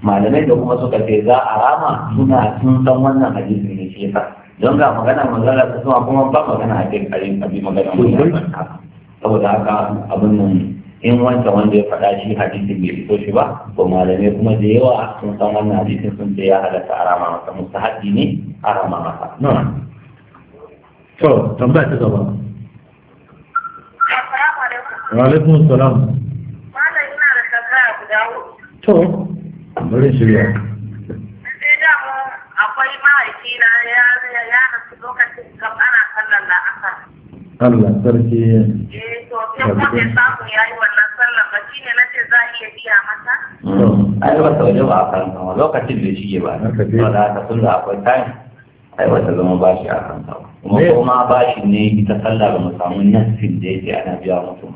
malamai da kuma suka ce za a rama suna sun san wannan hadisi ne shi yasa don ga magana manzala ta suma kuma ba magana a cikin karin abin magana manzala saboda haka abin nan in wanda wanda ya faɗa shi hadisin bai fito shi ba ko malamai kuma da yawa sun san wannan hadisin sun ce ya halatta a rama masa musta haɗi ne a rama masa. to tambaya ta gaba Walaikun salam. Malam ina da tambaya guda hudu. To, bari shirya. Sai da mu akwai mahaifi na ya ya rasu lokacin kam ana sallar da aka. Allah sarki. Eh to sai kuma ya samu yayi wannan sallar ba shine nace za a iya biya mata. Ai ba ta wajen ba a kan lokacin da shige ba. Saboda haka sun da akwai time. Ai ba ta zama ba shi a kan kuma ba shi ne ita sallah ba mu samu nassin da yake ana biya mutum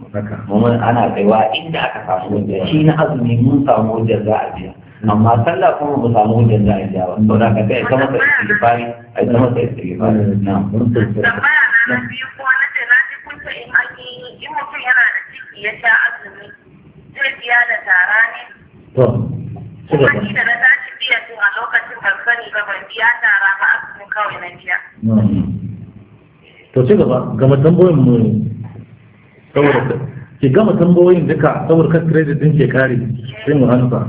Kuma ana kaiwa inda aka samu hujja shi na azumi mun samu hujjar za a biya hmm. amma sallah kuma mu samu hujjar za a biya ba to da ka kai ka masa istighfari ai ta masa istighfari hmm. na mun tambaya na biyu ko na ce na ji kun in an in mutum yana da ciki ya sha azumi zai biya da tara ne to kuma ni da na tashi biya to a lokacin ban sani ba ban biya tara ba azumin kawai na biya hmm. to ci gaba gama tambayoyin mu ne saboda ki gama tambayoyin duka saboda kan credit din ke kare sai mu hansa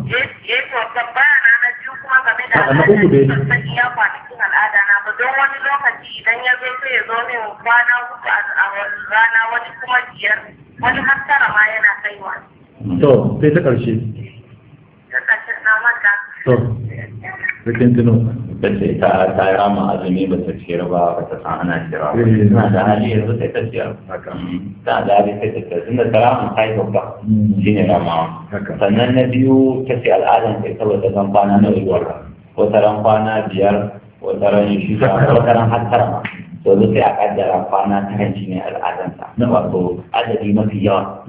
eh to tambaya na na biyu kuma game da a na uku dai ya kwanakin ba don wani lokaci idan ya zo sai ya zo min kwana uku a rana wani kuma biyar wani har tara ma yana kaiwa to sai ta ƙarshe. ta karshe na manta to rikin tuno ta ce ta ta yi rama azumi ba ta ciyar ba ba ta san ana ciyar ba tana da hali yanzu sai ta ciyar tana da hali sai ta ciyar tunda ta rama ta yi babba shi ne ramawa sannan na biyu ta ce al'adar ta saboda zan kwana na ruwar wata ran kwana biyar wata ran shida wata ran har tara ma yanzu sai a kaddara kwana ta shi ne al'adansa wato adadi mafi yawa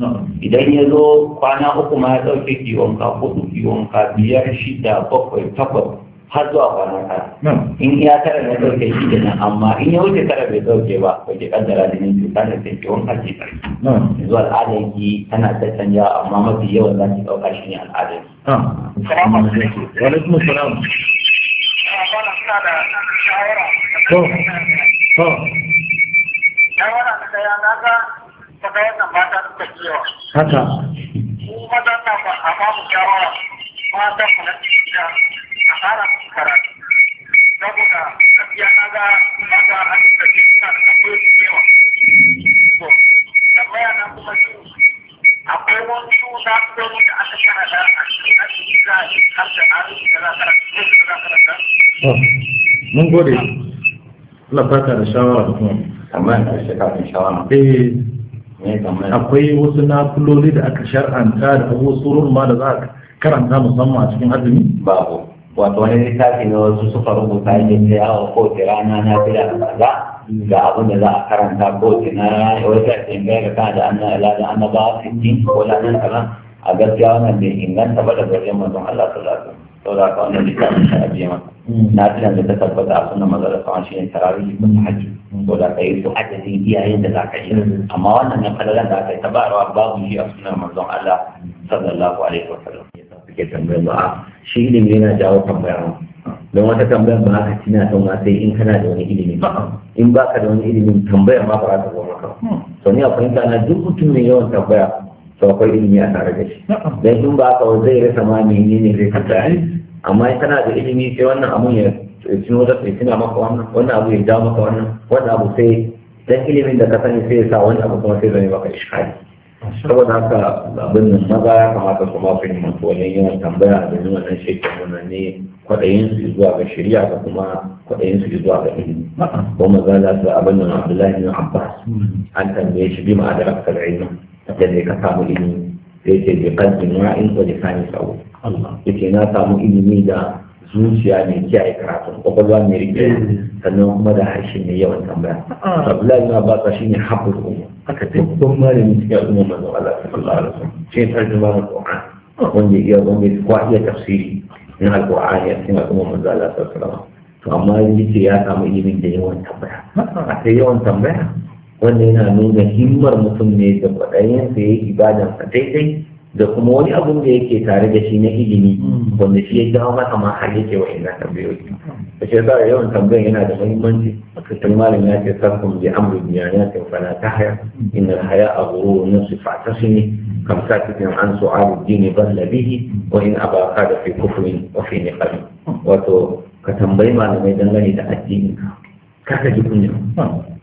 idan ya zo kwana uku ma ya ɗauke kiwon ka hudu kiwon ka biyar shida bakwai takwas har zuwa kwana tara in ya tara na dauke shi da nan amma in ya wuce tara bai dauke ba ko ke kaddara da nan cuta da sai ke wanka ce tsari yanzu al'adar ki tana ta canja amma mafi yawan za ki dauka shi ne al'adar ki. Wa alaikum salam. To, to. Shawara ta kaya na ga ta kayan nan mata suka kiyawa. Haka. Kuma za ta ba a babu shawara mata halatta shiga a fara karatu saboda gaskiya na ga mata hannun da ke suna da kafin su yawa to tambaya na kuma su akwai wani suna wani da aka shara da a cikin arziki za a yi har da arziki da za a karanta mun gode Allah baka da shawara da kuma tambayar da shi kafin shawara eh akwai wasu nafiloli da aka shar'anta da abubuwan surun ma da za a karanta musamman a cikin azumi babu wato wani littafi na wasu suka rubuta yake sai awa kowace rana na fi da kaza ga abin da za a karanta kowace na rana wata tsingai ga kana da annan alada annaba sittin ko da nan kaza a gaskiya wannan bai inganta ba da wajen manzon Allah sallallahu alaihi saboda haka wannan littafin shi a biya maka na fi da ta tabbata a sunan maza da kawai shine tarawih ko tahajjud ko da kai su adadin iyayen da zaka yi amma wannan na fadalan da aka yi tabarawa babu shi a sunan manzon Allah sallallahu alaihi wasallam suke tambayar ba shi ilimi yana jawo tambaya don wata tambayar ba haka tina son ma sai in kana da wani ilimi in ba ka da wani ilimi tambayar ma ba za ta zo maka to ni fahimta na duk mutum ne yawan tambaya to akwai ilimi a tare da shi dan in ba haka zai rasa ma menene zai tambaya amma in kana da ilimi sai wannan abun ya tuno da sai tuna maka wannan wannan abu ya jawo maka wannan wannan abu sai dan ilimin da ka sani sai ya sa wani abu kuma sai zai maka ishkali saboda haka abin nan maza ya kamata su ba su masu wani yawan tambaya da yi wannan shekaru na ne kwaɗayin su zuwa ga shirya da kuma kwaɗayin su zuwa ga ilimi ko maza za su abin nan abdullahi bin abbas an tambaye shi bi ma da kala ilimi da ne ka samu ilimi sai ce bi kan ma'in ko da sani sa'o yake na samu ilimi da zuciya ne mai kiyaye karatu kwakwalwa mai rike eh. sannan kuma da harshe mai yawan tambaya ah. abdullahi na ibn abbas shine habbul umma haka babban malami cikin al'umma manzon Allah sallallahu alaihi wasallam shi ne tarjuma na Qur'an ah. wanda iya wanda ya kwa iya tafsiri na alqur'ani a cikin al'umma manzon Allah sallallahu alaihi wasallam to amma ce ya samu ilimin da yawan tambaya ah. a ta yawan tambaya wanda yana nuna himmar mutum ne da kwaɗayensa ya yi ibadansa daidai da kuma wani abun da yake tare da shi na ilimi wanda shi ya jawo masa ma har yake wa ina tambayoyi da shi yasa yawan tambayan yana da muhimmanci a cikin malam ya ce sarkun bi amru diyanatin fala tahya inna haya a guru na sifata su ne kam sa cikin an su'alu dini balla bihi wa in abaka da fi kufrin wa fi wato ka tambayi malamai dangane da addinin Ka ji kunya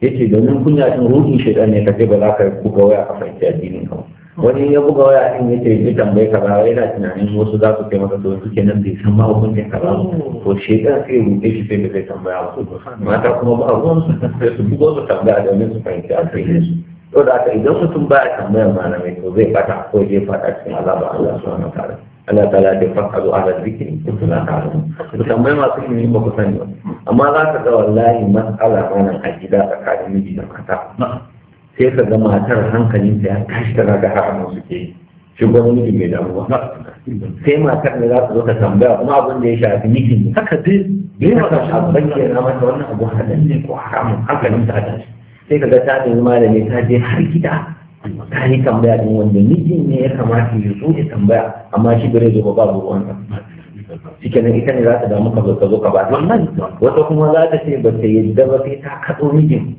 yace domin kunya din ruhin shaitan ne kace ba za ka buga waya a fahimci addinin ka wani ya buga waya in ya yake yi tambaye ka bawa yana tunanin wasu za su kai masa to suke nan bai san ma hukuncin ka ba to shekan sai ruɗe shi sai da zai tambaya wasu mata kuma ba ruwan su sai su buga su tambaya domin su fahimci a kai su to da aka idan mutum ba ya tambayar malamai to zai fata ko zai fata cikin azaba Allah subhanahu wa ta'ala Allah ta'ala ta faka zuwa ala zikiri ko suna ta'ala ku tambayi masu ilimi ba ku sani ba amma za ka ga wallahi mas'ala wannan a gida tsakanin miji da mata sai ka ga matar hankalinta ya tashi tana da haramun suke shi gwamnati mai damuwa sai matar ne za su zo ta tambaya kuma abin da ya shafi mijin haka dai bai maka na mata wannan abu halal ne ko haramun hankalin ta tashi sai ka ga ta da malami ta je har gida ta yi tambaya din wanda mijin ne ya kamata ya so ya tambaya amma shi bai zo ba babu ruwansa shike nan ita ne za ta damu ka zo ka zo ka ba wannan wata kuma za ta ce ba ta yadda ba sai ta kaɗo mijin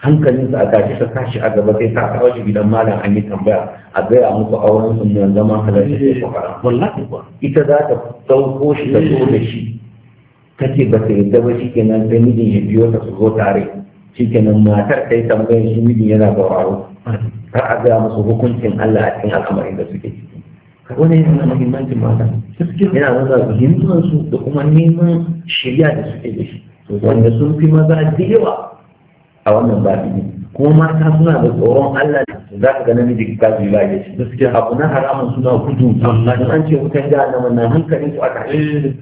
hankalinsa a tashi ta tashi a gaba sai ta kawo shi gidan malam an yi tambaya a gaya musu auren su sun zama halarci sai kwakwara wallahi ita za ta sauko shi ta zo da shi ta ce ba ta yadda ba shi kenan sai mijin ya biyo ta su zo tare shi kenan matar ta yi tambayar shi mijin yana sauraro ta a gaya musu hukuncin Allah a cikin al'amarin da suke ciki wani yana da muhimmancin mata yana nuna fahimtar su da kuma neman shirya da suke da shi wanda sun fi maza da yawa a wannan babi ko mata suna da tsoron Allah za ka ga namiji ka bi ba ya gaskiya abu na haramun suna gudu amma an ce wutan da annaba na hankalin su aka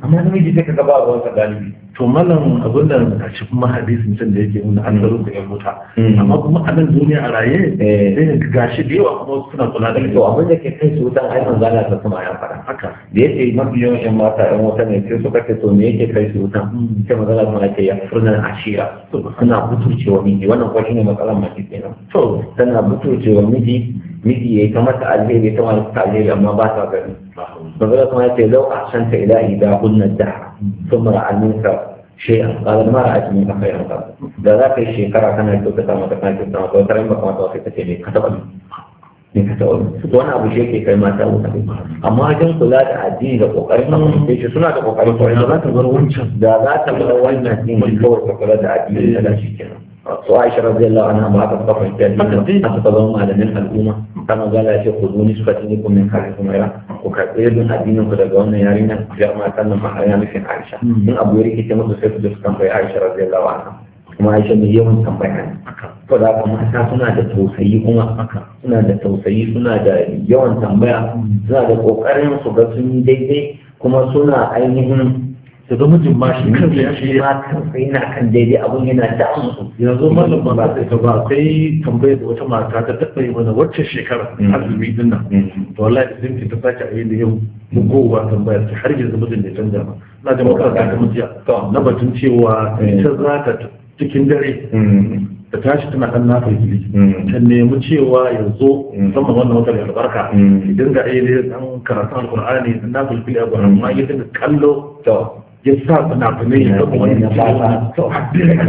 amma namiji sai ka ga ba ruwan ka galibi to mallam abin da ka ci kuma hadisin can da yake mun an zaro ka yan wuta hmm. amma kuma a nan duniya a raye eh. sai ka gashi da yawa kuma suna kula da to abin da ke kai su wutan ai manzo zala ta kuma ya fara haka da yake mafi yawan yan mata yan wata ne sai suka ce to me yake kai su wutan hmm. sai manzo Allah ake ya furna ashira suna kuturcewa miji wannan kwashi ne matsalar mace kenan to tana mutuncewa miji miji ya yi ta mata alheri ta mata alheri amma ba ta gani magana kuma ya ce lau a san ta ilahi da kunna da sun mara aminka shay'an qala ma ra'aytu min khayran da za ka yi shekara kana kyautata mata kana kyautata mata wata ran ba kamata wata ta ce ne ka ne ka taɓa su wani abu shi ke kai mata wuta amma wajen kula da addini da kokarin nan da shi suna da kokarin kawai da za ta bar wancan da za ta bar wannan din mai kawai ta kula da addini da shi kenan su Aisha radiyallahu anha ma ta kafa ta da ta zama malamin al'umma kana ya ce ku zuni suka tuni ku min kare kuma ya ku karɓe don addinin ku daga wannan yarinyar ku ya matan nan ma ya nufin Aisha hmm. in abu ya rikice musu sai ku je su kan bai Aisha radiyallahu anha kuma aisha mai yawan tambaya ko da haka mata suna da tausayi kuma suna da tausayi suna da yawan tambaya suna da kokarin su ga sun yi daidai kuma suna ainihin da ga mijin ne shi kan ya shi kansa yana kan daidai abun yana da su yanzu mallam ba za ta ba sai tambayar da wata mata ta taɓa yi mana wacce shekara mm. azumi din nan mm. to wallahi idan ta sake a yi da yau mugowa tambayar ta har yanzu mijin da canja ba na da makaranta ta jiya. na batun cewa ta mm. za ta cikin dare ta tashi tana kan na fahimci mm. ta nemi cewa ya zo mm. musamman wannan wata mai albarka mm. idan ga ainihin an karatun alkur'ani na fahimci a gwanan ma ya dinga kallo ya sa suna finai ya kama wani fata to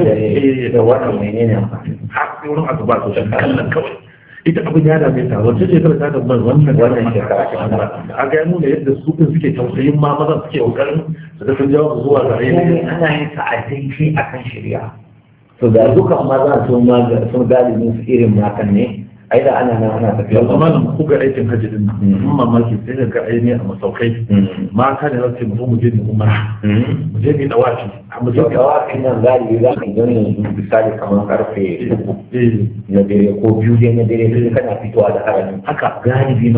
eh, eh, eh, da wannan menene amfani da wurin asuba to shan kallon kawai ita abin ya dame ta wata shekara ta dabbar wannan wannan shekara a ga nuna yadda su kun suke tausayin ma mazan suke kokarin su da sun jawo zuwa gare ainihin ana yin sa'adin shi akan shari'a to da dukan maza sun galibin mun irin makan ne ai da ana nan ana tafiya to amma mun ku ga aikin hajji din nan mm. mun mamaki sai ga aini a masaukai ka mm. ne zasu mu mu je mu umma, mm. mu je mu dawaki mu je dawaki nan galibi za ka ne misali kamar karfe eh. Eh. na dare ko biyu na dare sai kana fitowa da harami haka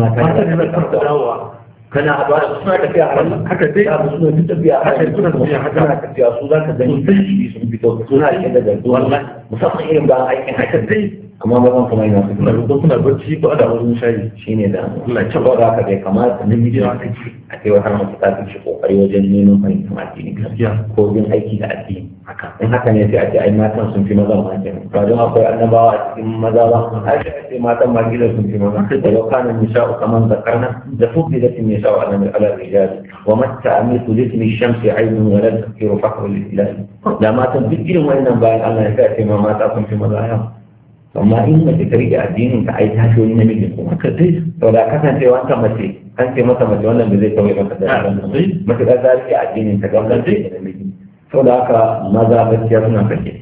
ma ka ne zasu dawowa kana a ba suna tafiya a ranar haka dai abu suna duk tafiya a ranar suna tafiya haka suna tafiya su za ka gani sun fito suna rike da gardu wannan musamman irin ba aikin haka amma ba zan kuma yi masu kuna ko kuna barci ko da wajen shayi shine da Allah ce. ba za ka bai kamata na miji da kake a kai wata mace ta fice kokari wajen neman fahimtar addini gaskiya ko yin aiki da addini haka in haka ne sai a ce ai matan sun fi maza ma kenan ba don akwai annabawa a cikin maza ba ai sai ce matan ma gidan sun fi maza da yau kana nisha'u kaman zakarna da fuki da tin nisha'u anan ala rijal wa mata a matta amitu litmi shamsi aynun wa la tafkiru fakru lil da matan duk irin wannan bayan Allah ya ce ma mata sun fi maza yau amma in mace ta rike addinin ka ai tashi wani namijin kuma ka dai to da kasancewa ta mace an ce mata mace wannan da zai kawai maka da ah, mace da za rike addinin ta gamar dai to da haka maza gaskiya suna kake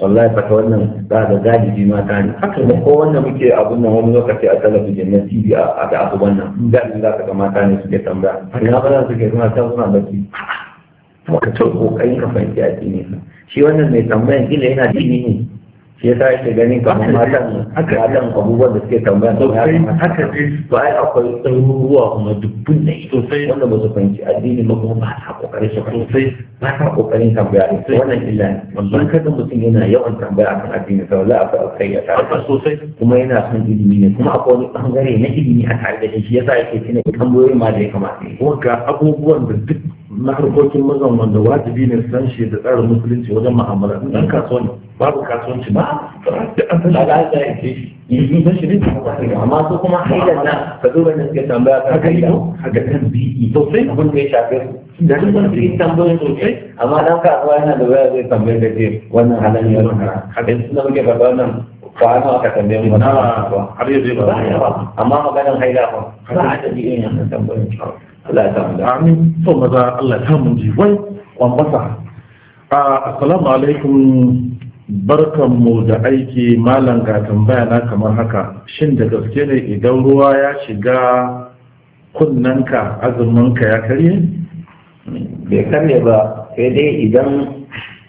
wallahi fata wannan za ga ji mata ne haka ne ko wannan muke abun nan wani lokaci a talabijin na tv a da abu wannan galibi za ka ga mata ne suke tambaya ina ba za su ke suna ta suna bacci to ka ce kokarin ka fahimci addinin. shi wannan mai tambayan kila yana dini ne shi yasa yake ganin kamar matan matan abubuwan da suke tambaya kamar ya kamata haka ne to ai akwai ɗaruruwa kuma dubbun da ito wanda ba su fahimci addini ba kuma ba sa kokarin shi sosai ba sa kokarin tambaya wannan illa ne in kada mutum yana yawan tambaya akan addini to wallahi akwai akwai ya ta sosai kuma yana son ilimi ne kuma akwai wani bangare na ilimi a tare da shi yasa yake tuna tambayoyin ma da ya kamata ko ga abubuwan da duk na harkokin mazan wanda wajibi ne san shi da tsarin musulunci wajen ma'amala dan kasuwanci babu kasuwanci ba da an san da ya ce shi san shi ne amma su kuma haidan nan ka duba ne suke tambaya ka ga ido haka kan bi'i to abin da ya shafe su da duk wani suke tambayoyi sosai amma dan kasuwa yana da waya zai tambaye da ce wannan halin ya rubuta hakan suna muke faɗa wannan kwano aka tambaye mu wannan har yanzu ba amma maganar haida ba ba a da bi'in yana tambayoyi Allah ya samu amin so maza Allah ya samu jiwai kwan basa assalamu alaikum barkan mu da aiki malam ga tambaya na kamar haka shin da gaske ne idan ruwa ya shiga kunnanka azuminka ya karye bai karye ba sai dai idan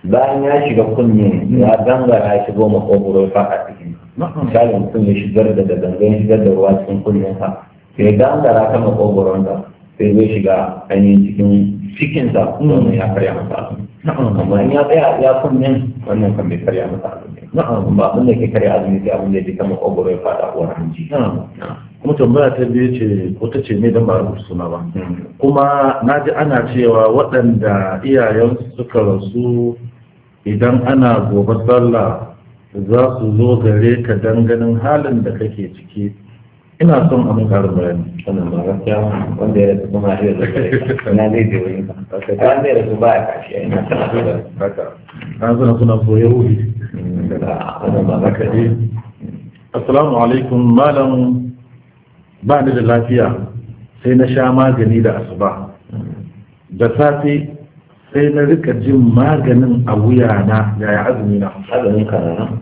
bayan ya shiga kunne ya gangara ya shigo makogoro fa a cikin Misalin mutum ya shigar da gangan shigar da ruwa cikin kunnen sa sai gangara ta makogoron da sai zai shiga ainihin cikin cikinsa wannan ya karya masa amma in ya tsaya ya kunne wannan kan bai karya masa azumi ba abin da ke karya azumi sai abin da ya kama ƙogoro ya fada wani hanci. kuma tambaya ta biyu ce ko ta ce ne don ba rubuta suna ba hmm. kuma na ji ana cewa waɗanda iyayen suka rasu idan ana gobe sallah za su zo gare ka don ganin halin da kake ciki ina son abin mun karin bayani wannan ba gaskiya wanda ya rasu kuma zai rasu na zai je wani ba ta zai rasu ba ya kashi ya ina tana da haka na zana suna boye wuri wannan ba zaka je assalamu alaikum malam ba ni da lafiya sai na sha magani da asuba da safe sai na rika jin maganin a wuyana yaya azumi na azumin karara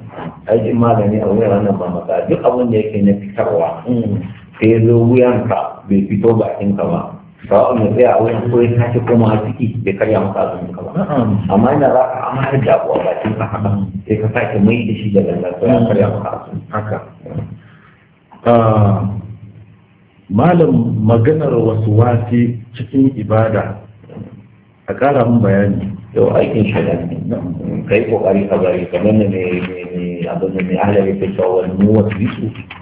aikin magani a wuyan ranar mamaka duk abin da yake na fitarwa mm. sai ya zo wuyanka bai fito bakinka ba sawa'un ya tsaya a wuyan ko ya tashi ma ciki bai karya maka abin ka ba amma ina za ka amma da abuwa bakin ka haka mm. sai ka sake mai da shi da lalata ko ya karya mm. maka abin haka ah, malam maganar wasu wasi cikin ibada a ƙara mun bayani yau aikin shaɗa ne kai kokari ka bari kamar ne أظن من أهل الفكرة والموسوس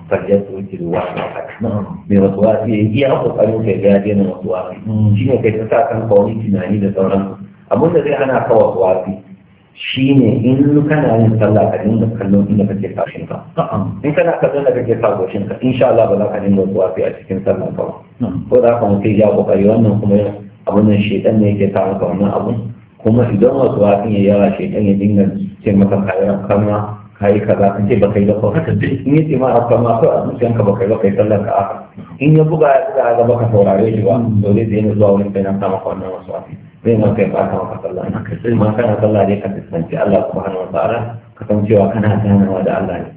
فليترك الوسواس من وسواسه هي أخذ أنه كجادي من وسواسه شيء كي تتعلم قولي تناني لتورا أبو الذي أنا كوسواسي shi ne in kana yin sallah ka dinga kallon inda kake kashin ka in kana kallon da kake kashin ka in sha Allah ba za ka dinga a cikin sallah ka ko da haka mutum ya kokari wannan kuma abun nan shedan ne yake samu ka wannan abun kuma idan wasu wasu ya yawa shedan ya dinga ce maka kayan kama ka yi kaza ka ce baka yi ba haka duk in yi tsima a kama ko a ka baka yi baka yi sallar ka aka in ya buga ya tsaya ga baka saurare shi ba to zai daina zuwa wurin kai nan sama wannan wasu wasu, zai ma kai ba ka maka sallah na kai sai ma kana sallah dai ka tsanci Allah subhanahu wa ta'ala ka san cewa kana ganawa da Allah ne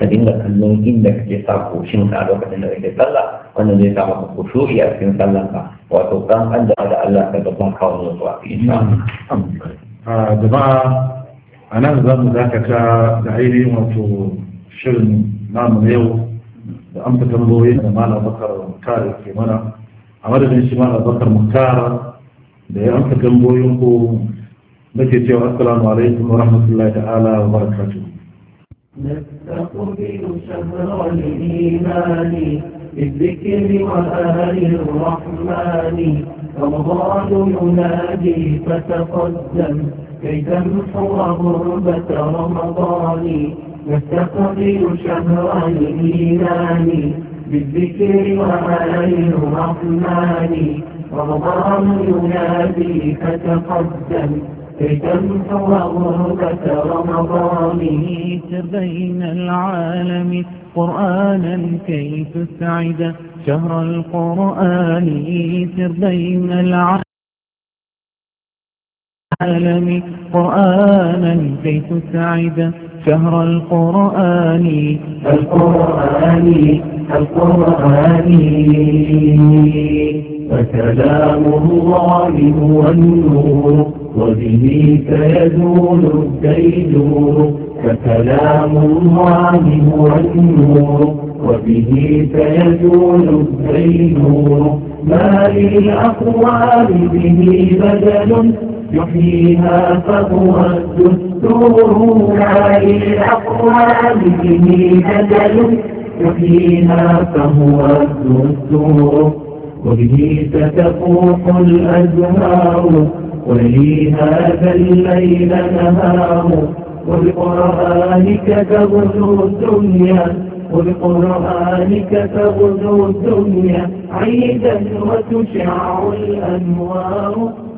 ka dinga kallon inda kake sa koshin ka a lokacin da kake sallah wannan zai sa maka kushuri a cikin sallan ka wato kan an da Allah ka gaban kawo wasu in insha Allah ah, jama'a a nan za mu dakata da ainihin wato shirin namu na yau da an fitar zoye da mala bakar muktar ke mana a madadin shi mala bakar muktar da ya amsa tambayoyin ku nake cewa assalamu alaikum wa rahmatullahi ta'ala wa barakatuh نستقبل شهر الإيمان بالذكر وآل الرحمن رمضان ينادي فتقدم كي تمحو غربة رمضان نستقبل شهر الإيمان بالذكر وآل الرحمن رمضان ينادي فتقدم كي تمحو غربة رمضان بين العالم قرآنا كي تسعد شهر القرآن سر بين العالم العالم قرآنا كي تسعد شهر القرآن القرآن القرآن فكلام الله هو النور وبه سيزول الديجور فكلام الله هو النور وبه سيزول الديجور ما للأقوال به بدل يحييها فهو الدستور على الأقوام به جدل يحييها فهو الدستور وبه ستفوح الأزهار ولي هذا الليل نهار وبقرآنك تغزو الدنيا وبقرآنك تغزو الدنيا عيدا وتشع الأنوار